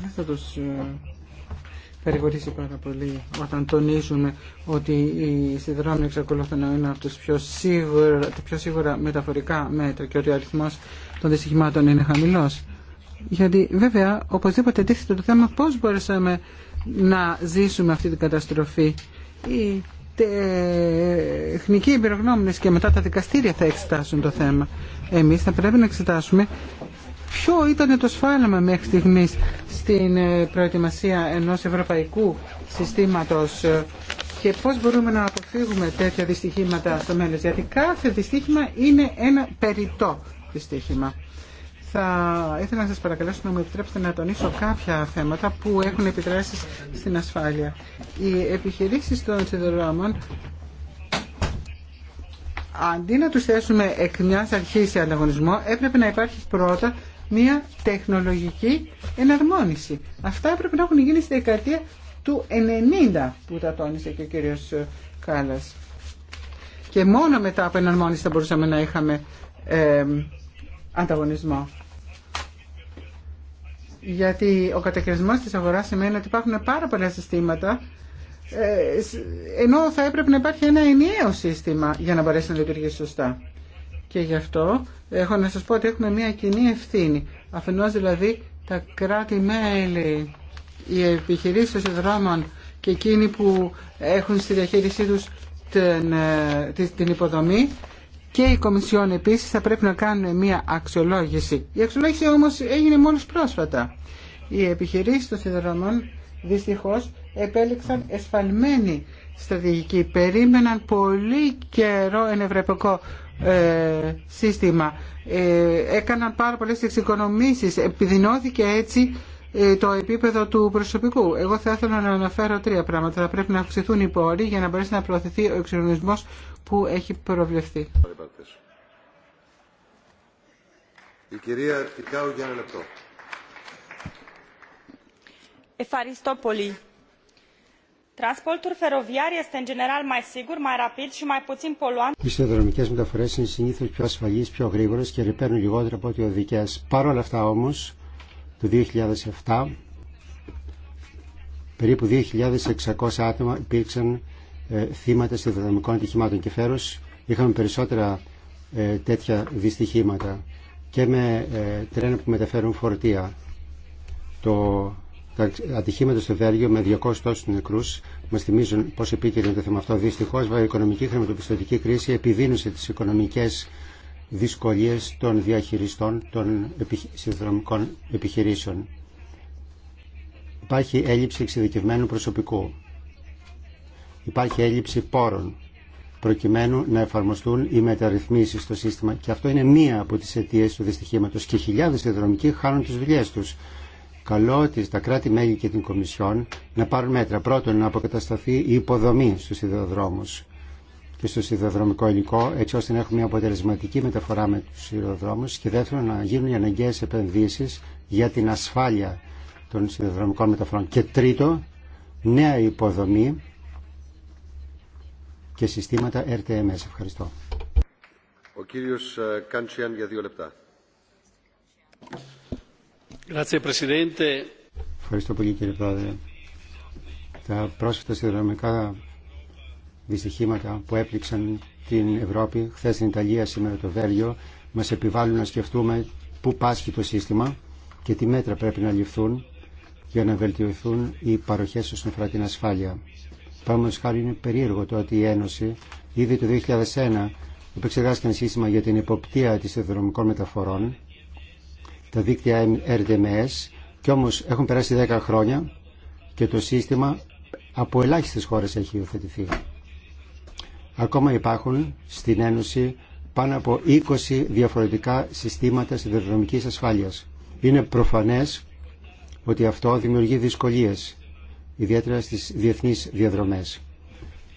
δεν θα του ε, παρηγορήσει πάρα πολύ όταν τονίζουμε ότι οι συνδρόμοι εξακολουθούν να είναι από τους πιο σίγουρα, πιο σίγουρα μεταφορικά μέτρα και ότι ο αριθμό των δυστυχημάτων είναι χαμηλό. Γιατί βέβαια οπωσδήποτε τίθεται το θέμα πώ μπορέσαμε να ζήσουμε αυτή την καταστροφή. Ή τεχνικοί εμπειρογνώμονες και μετά τα δικαστήρια θα εξετάσουν το θέμα. Εμείς θα πρέπει να εξετάσουμε ποιο ήταν το σφάλμα μέχρι στιγμή στην ε, προετοιμασία ενός ευρωπαϊκού συστήματος ε, και πώς μπορούμε να αποφύγουμε τέτοια δυστυχήματα στο μέλλον. Γιατί κάθε δυστύχημα είναι ένα περιττό δυστύχημα. Θα ήθελα να σας παρακαλέσω να μου επιτρέψετε να τονίσω κάποια θέματα που έχουν επιτρέψει στην ασφάλεια. Οι επιχειρήσεις των σιδερόμων, αντί να τους θέσουμε εκ μιας αρχής σε ανταγωνισμό, έπρεπε να υπάρχει πρώτα μια τεχνολογική εναρμόνιση. Αυτά έπρεπε να έχουν γίνει στη δεκαετία του 90 που τα τόνισε και ο κύριος Κάλλας. Και μόνο μετά από εναρμόνιση θα μπορούσαμε να είχαμε ε, ανταγωνισμό. Γιατί ο κατακρισμός της αγοράς σημαίνει ότι υπάρχουν πάρα πολλά συστήματα ε, ενώ θα έπρεπε να υπάρχει ένα ενιαίο σύστημα για να μπορέσει να λειτουργήσει σωστά. Και γι' αυτό έχω να σας πω ότι έχουμε μια κοινή ευθύνη. Αφενός δηλαδή τα κράτη-μέλη, οι επιχειρήσεις των συνδρόμων και εκείνοι που έχουν στη διαχείρισή τους την, ε, την υποδομή και η Κομισιόν επίσης θα πρέπει να κάνουν μια αξιολόγηση. Η αξιολόγηση όμως έγινε μόλις πρόσφατα. Οι επιχειρήσεις των Συνδρομών δυστυχώς επέλεξαν εσφαλμένη στρατηγική. Περίμεναν πολύ καιρό ευρωπαϊκό ε, σύστημα. Ε, έκαναν πάρα πολλές εξοικονομήσεις. Επιδεινώθηκε έτσι ε, το επίπεδο του προσωπικού. Εγώ θα ήθελα να αναφέρω τρία πράγματα. Θα πρέπει να αυξηθούν οι πόροι για να μπορέσει να προωθηθεί ο εξοικονομισμό που έχει προβλεφθεί. Η κυρία Τικάου για ένα λεπτό. Ευχαριστώ πολύ. Οι σιδηροδρομικέ μεταφορέ είναι συνήθω πιο ασφαλεί, πιο γρήγορε και ρηπαίνουν λιγότερο από ό,τι οδικέ. Παρ' όλα αυτά όμω, το 2007, περίπου 2.600 άτομα υπήρξαν ε, θύματα συνδρομικών ατυχημάτων και φέρος είχαμε περισσότερα ε, τέτοια δυστυχήματα και με ε, τρένα που μεταφέρουν φορτία. Το τα ατυχήματα στο Βέλγιο με 200 τόσου νεκρού μα θυμίζουν πώ επίκαιρο το θέμα αυτό. Δυστυχώ, η οικονομική χρηματοπιστωτική κρίση επιδίνωσε τι οικονομικέ δυσκολίε των διαχειριστών των συνδρομικών επιχειρήσεων. Υπάρχει έλλειψη εξειδικευμένου προσωπικού υπάρχει έλλειψη πόρων προκειμένου να εφαρμοστούν οι μεταρρυθμίσεις στο σύστημα. Και αυτό είναι μία από τις αιτίες του δυστυχήματος και χιλιάδες διαδρομικοί χάνουν τις δουλειές τους. Καλό ότι τα κράτη-μέλη και την Κομισιόν να πάρουν μέτρα. Πρώτον, να αποκατασταθεί η υποδομή στους σιδηροδρόμους και στο σιδηροδρομικό υλικό, έτσι ώστε να έχουμε μια αποτελεσματική μεταφορά με τους σιδηροδρόμους και δεύτερον να γίνουν οι αναγκαίες επενδύσεις για την ασφάλεια των σιδηροδρομικών μεταφορών. Και τρίτο, νέα υποδομή και συστήματα RTMS. Ευχαριστώ. Ο κύριος ε, Κάντσιαν για δύο λεπτά. Ευχαριστώ πολύ κύριε Πρόεδρε. Τα πρόσφατα συνδρομικά δυστυχήματα που έπληξαν την Ευρώπη, χθε στην Ιταλία, σήμερα το Βέλγιο, μα επιβάλλουν να σκεφτούμε πού πάσχει το σύστημα και τι μέτρα πρέπει να ληφθούν για να βελτιωθούν οι παροχέ όσον αφορά την ασφάλεια. Παραδείγματο χάρη είναι περίεργο το ότι η Ένωση ήδη το 2001 επεξεργάστηκε ένα σύστημα για την υποπτία τη ιδρομικών μεταφορών, τα δίκτυα RDMS, και όμω έχουν περάσει 10 χρόνια και το σύστημα από ελάχιστε χώρε έχει υιοθετηθεί. Ακόμα υπάρχουν στην Ένωση πάνω από 20 διαφορετικά συστήματα σιδηροδρομική ασφάλεια. Είναι προφανέ ότι αυτό δημιουργεί δυσκολίε ιδιαίτερα στις διεθνείς διαδρομές.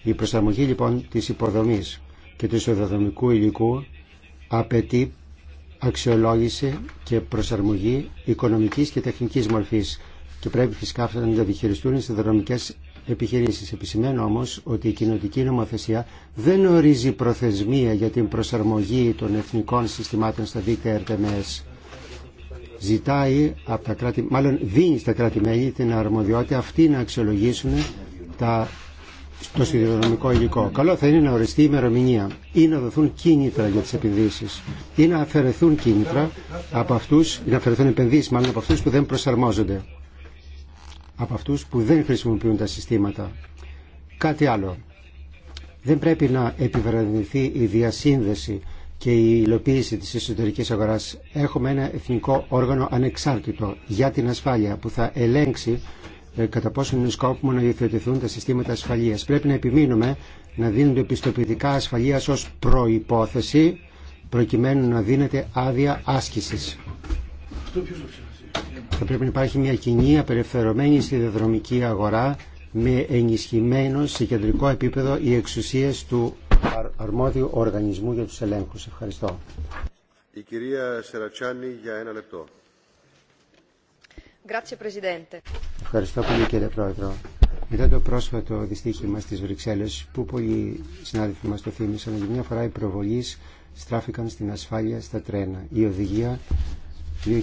Η προσαρμογή λοιπόν της υποδομής και του ισοδοδομικού υλικού απαιτεί αξιολόγηση και προσαρμογή οικονομικής και τεχνικής μορφής και πρέπει φυσικά αυτά να τα διαχειριστούν οι επιχειρήσεις. Επισημένω όμως ότι η κοινοτική νομοθεσία δεν ορίζει προθεσμία για την προσαρμογή των εθνικών συστημάτων στα δίκτυα RTMS ζητάει από τα κράτη, μάλλον δίνει στα κράτη-μέλη την αρμοδιότητα αυτή να αξιολογήσουν τα, το σιδηροδρομικό υλικό. Καλό θα είναι να οριστεί η ημερομηνία ή να δοθούν κίνητρα για τι επενδύσει ή να αφαιρεθούν κίνητρα από αυτού, να αφαιρεθούν επενδύσει, μάλλον από αυτού που δεν προσαρμόζονται από αυτού που δεν χρησιμοποιούν τα συστήματα. Κάτι άλλο. Δεν πρέπει να επιβραδυνθεί η διασύνδεση και η υλοποίηση της εσωτερικής αγοράς έχουμε ένα εθνικό όργανο ανεξάρτητο για την ασφάλεια που θα ελέγξει ε, κατά πόσο είναι σκόπιμο να υιοθετηθούν τα συστήματα ασφαλείας. Πρέπει να επιμείνουμε να δίνονται πιστοποιητικά ασφαλείας ως προϋπόθεση προκειμένου να δίνεται άδεια άσκησης. Θα πρέπει να υπάρχει μια κοινή απελευθερωμένη στη αγορά με ενισχυμένο σε κεντρικό επίπεδο οι εξουσίες του αρμόδιου οργανισμού για τους ελέγχους. Ευχαριστώ. Η κυρία Σερατσάνη για ένα λεπτό. Ευχαριστώ πολύ κύριε Πρόεδρο. Μετά το πρόσφατο δυστύχημα στις Βρυξέλλε, που πολλοί συνάδελφοι μα το θύμισαν για μια φορά οι προβολείς στράφηκαν στην ασφάλεια στα τρένα. Η οδηγία 2004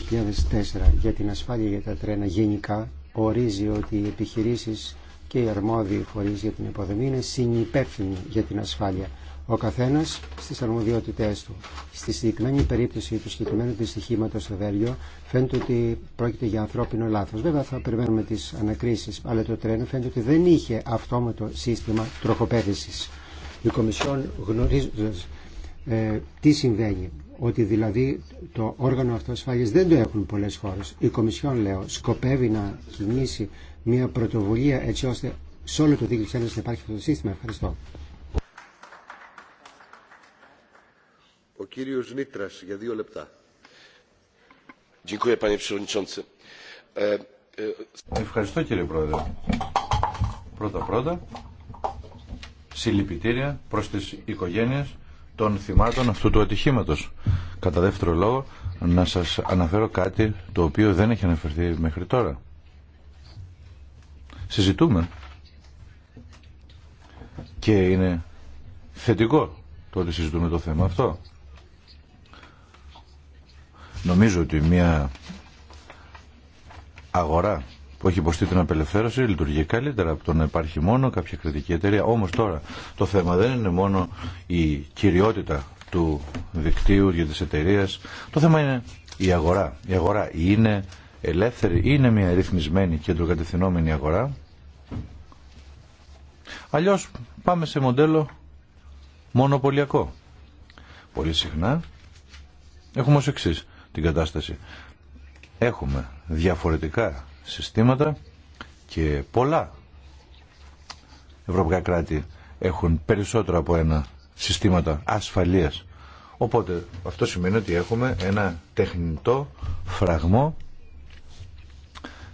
για την ασφάλεια για τα τρένα γενικά ορίζει ότι οι επιχειρήσει και οι αρμόδιοι φορεί για την υποδομή είναι συνυπεύθυνοι για την ασφάλεια. Ο καθένα στι αρμοδιότητέ του. Στη συγκεκριμένη περίπτωση του συγκεκριμένου δυστυχήματο στο Βέλγιο φαίνεται ότι πρόκειται για ανθρώπινο λάθο. Βέβαια θα περιμένουμε τι ανακρίσει, αλλά το τρένο φαίνεται ότι δεν είχε αυτόματο σύστημα τροχοπέδηση. Η Κομισιόν γνωρίζοντα ε, τι συμβαίνει, ότι δηλαδή το όργανο αυτό ασφάλεια δεν το έχουν πολλέ χώρε. Η Κομισιόν, λέω, σκοπεύει να κινήσει μια πρωτοβουλία έτσι ώστε σε όλο το Δίκτυο της να υπάρχει αυτό το σύστημα. Ευχαριστώ. Ο κύριος Νίτρας για δύο λεπτά. Ε, ε, Ευχαριστώ κύριε Πρόεδρε. Πρώτα-πρώτα, συλληπιτήρια προς τις οικογένειες των θυμάτων αυτού του ατυχήματος. Κατά δεύτερο λόγο, να σας αναφέρω κάτι το οποίο δεν έχει αναφερθεί μέχρι τώρα συζητούμε και είναι θετικό το ότι συζητούμε το θέμα αυτό. Νομίζω ότι μια αγορά που έχει υποστεί την απελευθέρωση λειτουργεί καλύτερα από το να υπάρχει μόνο κάποια κριτική εταιρεία. Όμως τώρα το θέμα δεν είναι μόνο η κυριότητα του δικτύου για της εταιρεία. Το θέμα είναι η αγορά. Η αγορά είναι ελεύθερη, είναι μια ρυθμισμένη και κατευθυνόμενη αγορά. Αλλιώς πάμε σε μοντέλο μονοπωλιακό. Πολύ συχνά έχουμε ως εξή την κατάσταση. Έχουμε διαφορετικά συστήματα και πολλά ευρωπαϊκά κράτη έχουν περισσότερα από ένα συστήματα ασφαλείας. Οπότε αυτό σημαίνει ότι έχουμε ένα τεχνητό φραγμό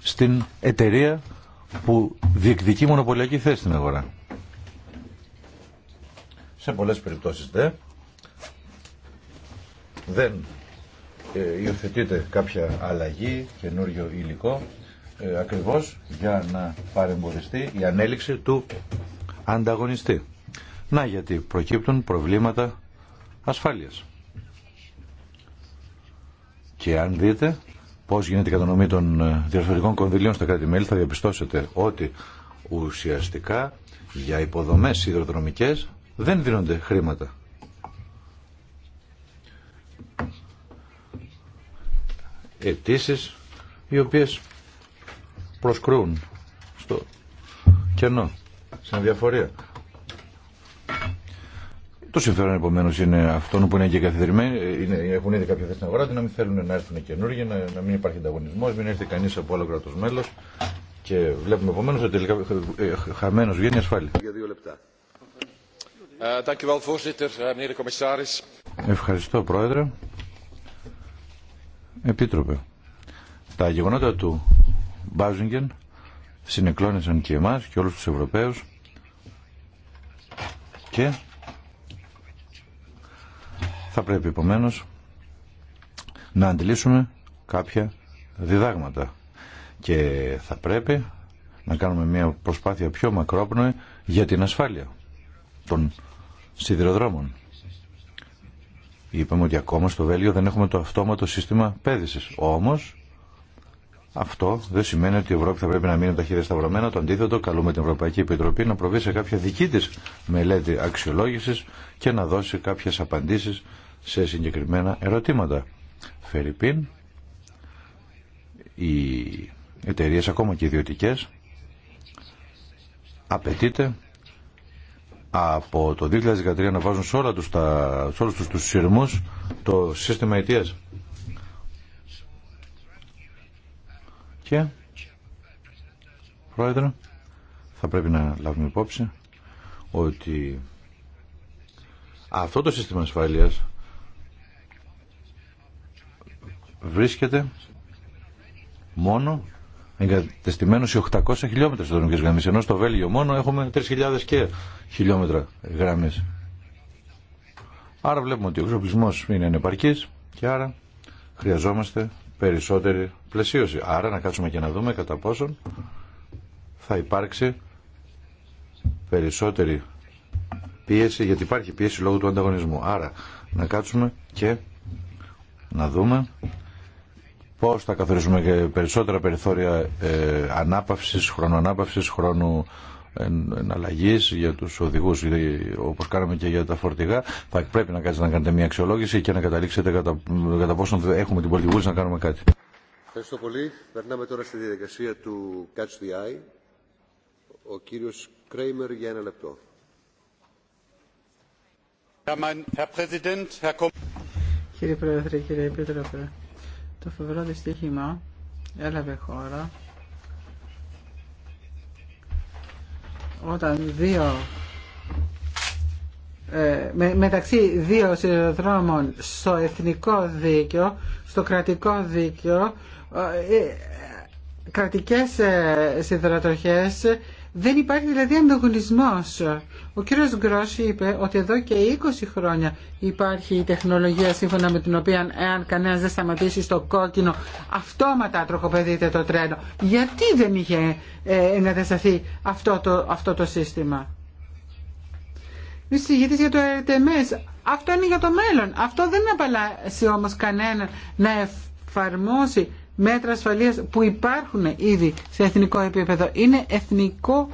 στην εταιρεία που διεκδικεί μονοπωλιακή θέση στην αγορά. Σε πολλές περιπτώσεις δε, δεν ε, υιοθετείται κάποια αλλαγή, καινούριο υλικό, ε, ακριβώς για να παρεμποδιστεί η ανέλυξη του ανταγωνιστή. Να γιατί προκύπτουν προβλήματα ασφάλειας. Και αν δείτε ως γίνεται η κατανομή των ε, διορθωτικών κονδυλίων στα κράτη-μέλη θα διαπιστώσετε ότι ουσιαστικά για υποδομές υδροδρομικές δεν δίνονται χρήματα. Αιτήσει οι οποίε προσκρούν στο κενό, στην διαφορία. Το συμφέρον επομένω είναι αυτών που είναι και καθιδρυμένοι, ε, έχουν ήδη κάποια θέση στην αγορά, να μην θέλουν να έρθουν καινούργια, να, να μην υπάρχει ανταγωνισμό, μην έρθει κανεί από άλλο κράτο μέλο. Και βλέπουμε επομένω ότι τελικά ε, ε, χαμένο βγαίνει ασφάλεια. Για δύο λεπτά. Ευχαριστώ Πρόεδρε. Επίτροπε, τα γεγονότα του Μπάζιγκεν συνεκλώνησαν και εμάς και όλους τους Ευρωπαίους και θα πρέπει επομένω να αντιλήσουμε κάποια διδάγματα και θα πρέπει να κάνουμε μια προσπάθεια πιο μακρόπνοη για την ασφάλεια των σιδηροδρόμων. Είπαμε ότι ακόμα στο Βέλγιο δεν έχουμε το αυτόματο σύστημα πέδησης. Όμως αυτό δεν σημαίνει ότι η Ευρώπη θα πρέπει να μείνει τα χέρια σταυρωμένα. Το αντίθετο, καλούμε την Ευρωπαϊκή Επιτροπή να προβεί σε κάποια δική τη μελέτη αξιολόγηση και να δώσει κάποιε απαντήσει σε συγκεκριμένα ερωτήματα. Φερρυπίν, οι εταιρείε ακόμα και ιδιωτικέ απαιτείται από το 2013 να βάζουν σε, όλα τους τα, όλους τους, τους συρμούς το σύστημα αιτίας. Και, Πρόεδρε, θα πρέπει να λάβουμε υπόψη ότι αυτό το σύστημα ασφάλειας βρίσκεται μόνο εγκατεστημένο σε 800 χιλιόμετρα στο δρομικές γραμμές, ενώ στο Βέλγιο μόνο έχουμε 3.000 και χιλιόμετρα γραμμές. Άρα βλέπουμε ότι ο εξοπλισμός είναι ανεπαρκής και άρα χρειαζόμαστε περισσότερη πλαισίωση. Άρα να κάτσουμε και να δούμε κατά πόσον θα υπάρξει περισσότερη πίεση, γιατί υπάρχει πίεση λόγω του ανταγωνισμού. Άρα να κάτσουμε και να δούμε πώς θα καθορίσουμε και περισσότερα περιθώρια ε, ανάπαυσης, χρόνου ανάπαυσης, χρόνου εναλλαγή για του οδηγού, όπω κάναμε και για τα φορτηγά, θα πρέπει να να κάνετε μια αξιολόγηση και να καταλήξετε κατά, κατά πόσο έχουμε την πολιτική να κάνουμε κάτι. Ευχαριστώ πολύ. Περνάμε τώρα στη διαδικασία του Catch the Eye. Ο κύριο Κρέιμερ για ένα λεπτό. Κύριε Πρόεδρε, κύριε Επίτροπε, το φοβερό δυστύχημα έλαβε χώρα όταν δύο ε, με, μεταξύ δύο σιδηροδρόμων στο εθνικό δίκαιο, στο κρατικό δίκαιο, ε, ε κρατικές ε, δεν υπάρχει δηλαδή ανταγωνισμός. Ο κύριος Γκρός είπε ότι εδώ και 20 χρόνια υπάρχει η τεχνολογία σύμφωνα με την οποία εάν κανένας δεν σταματήσει στο κόκκινο αυτόματα τροχοπεδείται το τρένο. Γιατί δεν είχε ε, εγκατασταθεί αυτό το, αυτό το σύστημα. Μη συζητήσει για το RTMS. Αυτό είναι για το μέλλον. Αυτό δεν απαλλάσσει όμως κανένα να εφαρμόσει μέτρα ασφαλείας που υπάρχουν ήδη σε εθνικό επίπεδο. Είναι εθνικό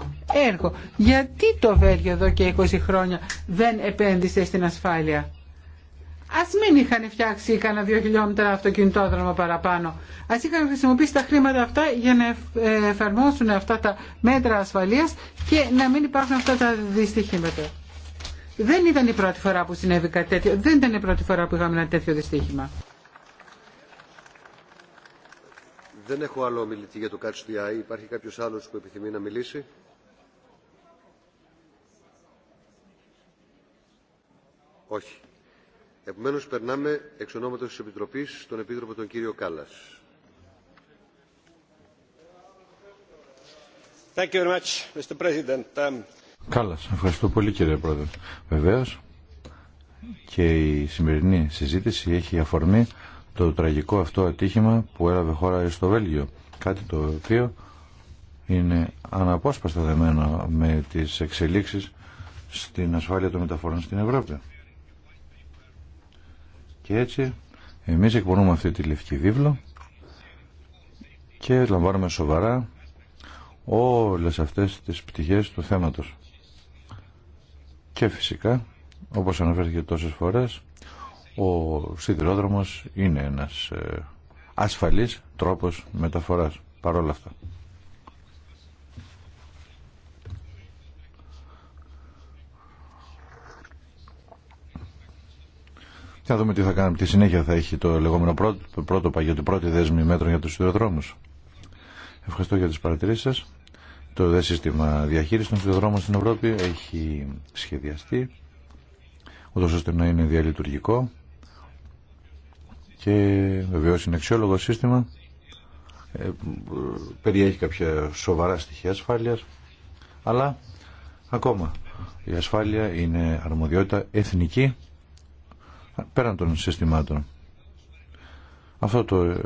έργο. Γιατί το Βέλγιο εδώ και 20 χρόνια δεν επένδυσε στην ασφάλεια. Α μην είχαν φτιάξει κανένα δύο χιλιόμετρα αυτοκινητόδρομο παραπάνω. Α είχαν χρησιμοποιήσει τα χρήματα αυτά για να εφαρμόσουν αυτά τα μέτρα ασφαλεία και να μην υπάρχουν αυτά τα δυστυχήματα. Δεν ήταν η πρώτη φορά που συνέβη κάτι τέτοιο. Δεν ήταν η πρώτη φορά που είχαμε ένα τέτοιο δυστύχημα. Δεν έχω άλλο ομιλητή για το ΚΑΤΣΤΙΑΗ. Υπάρχει κάποιος άλλος που επιθυμεί να μιλήσει. Όχι. Επομένως, περνάμε εξ ονόματος της Επιτροπής στον Επίτροπο τον κύριο Κάλλας. Thank um, Κάλλας, ευχαριστώ πολύ κύριε Πρόεδρε. Βεβαίως και η σημερινή συζήτηση έχει αφορμή το τραγικό αυτό ατύχημα που έλαβε χώρα στο Βέλγιο. Κάτι το οποίο είναι αναπόσπαστα δεμένο με τις εξελίξεις στην ασφάλεια των μεταφορών στην Ευρώπη. Και έτσι εμείς εκπονούμε αυτή τη λευκή βίβλο και λαμβάνουμε σοβαρά όλες αυτές τις πτυχές του θέματος. Και φυσικά, όπως αναφέρθηκε τόσες φορές, ο σιδηρόδρομος είναι ένας ε, ασφαλής τρόπος μεταφοράς παρόλα αυτά. Θα δούμε τι θα κάνουμε. Τη συνέχεια θα έχει το λεγόμενο πρώτο, παγιό, για την πρώτη δέσμη μέτρων για τους σιδηροδρόμους. Ευχαριστώ για τις παρατηρήσεις σας. Το δε σύστημα διαχείρισης των σιδηροδρόμων στην Ευρώπη έχει σχεδιαστεί, ούτως ώστε να είναι διαλειτουργικό και βεβαίω είναι αξιόλογο σύστημα ε, περιέχει κάποια σοβαρά στοιχεία ασφάλειας αλλά ακόμα η ασφάλεια είναι αρμοδιότητα εθνική πέραν των συστημάτων αυτό το ε,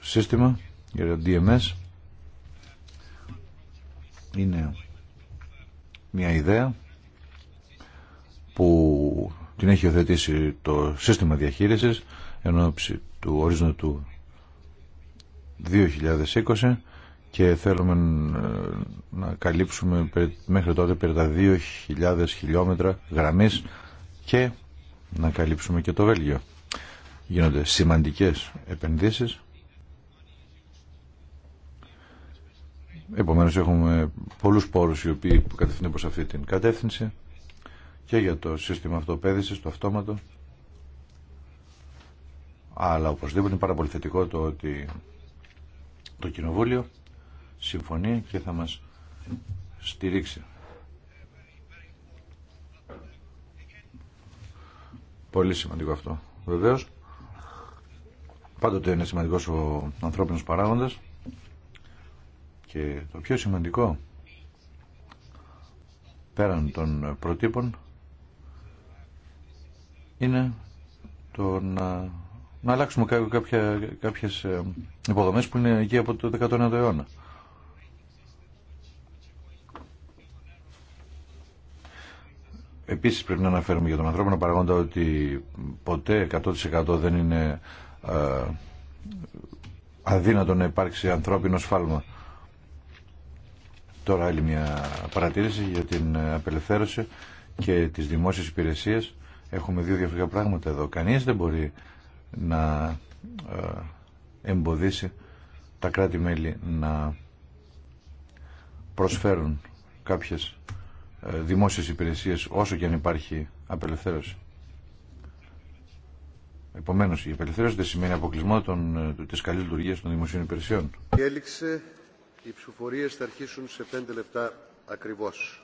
σύστημα για το DMS είναι μια ιδέα που την έχει οθετήσει το σύστημα διαχείρισης εν του ορίζοντα του 2020 και θέλουμε ε, να καλύψουμε μέχρι τότε περί τα 2.000 χιλιόμετρα γραμμής και να καλύψουμε και το Βέλγιο. Γίνονται σημαντικές επενδύσεις. Επομένως έχουμε πολλούς πόρους οι οποίοι κατευθύνουν προς αυτή την κατεύθυνση και για το σύστημα αυτοπαίδησης, το αυτόματο. Αλλά οπωσδήποτε είναι πάρα πολύ θετικό το ότι το Κοινοβούλιο συμφωνεί και θα μας στηρίξει. Πολύ σημαντικό αυτό. Βεβαίως, πάντοτε είναι σημαντικός ο ανθρώπινος παράγοντας και το πιο σημαντικό πέραν των προτύπων είναι το να να αλλάξουμε κάποια, κάποιες ε, υποδομές που είναι εκεί από το 19ο αιώνα. Επίσης πρέπει να αναφέρουμε για τον ανθρώπινο παραγόντα ότι ποτέ 100% δεν είναι ε, αδύνατο να υπάρξει ανθρώπινο σφάλμα. Τώρα άλλη μια παρατήρηση για την απελευθέρωση και τις δημόσιες υπηρεσίες. Έχουμε δύο διαφορετικά πράγματα εδώ. Κανείς δεν μπορεί να ε, εμποδίσει τα κράτη-μέλη να προσφέρουν κάποιες ε, δημόσιες υπηρεσίες όσο και αν υπάρχει απελευθέρωση. Επομένως, η απελευθέρωση δεν σημαίνει αποκλεισμό των, ε, της καλής λειτουργίας των δημοσίων υπηρεσιών. Έληξε. Οι ψηφοφορίες θα αρχίσουν σε πέντε λεπτά ακριβώς.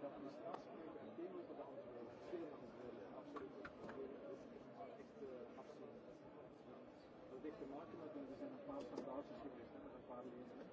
We zijn een paar standaardjes geweest met een paar lezen.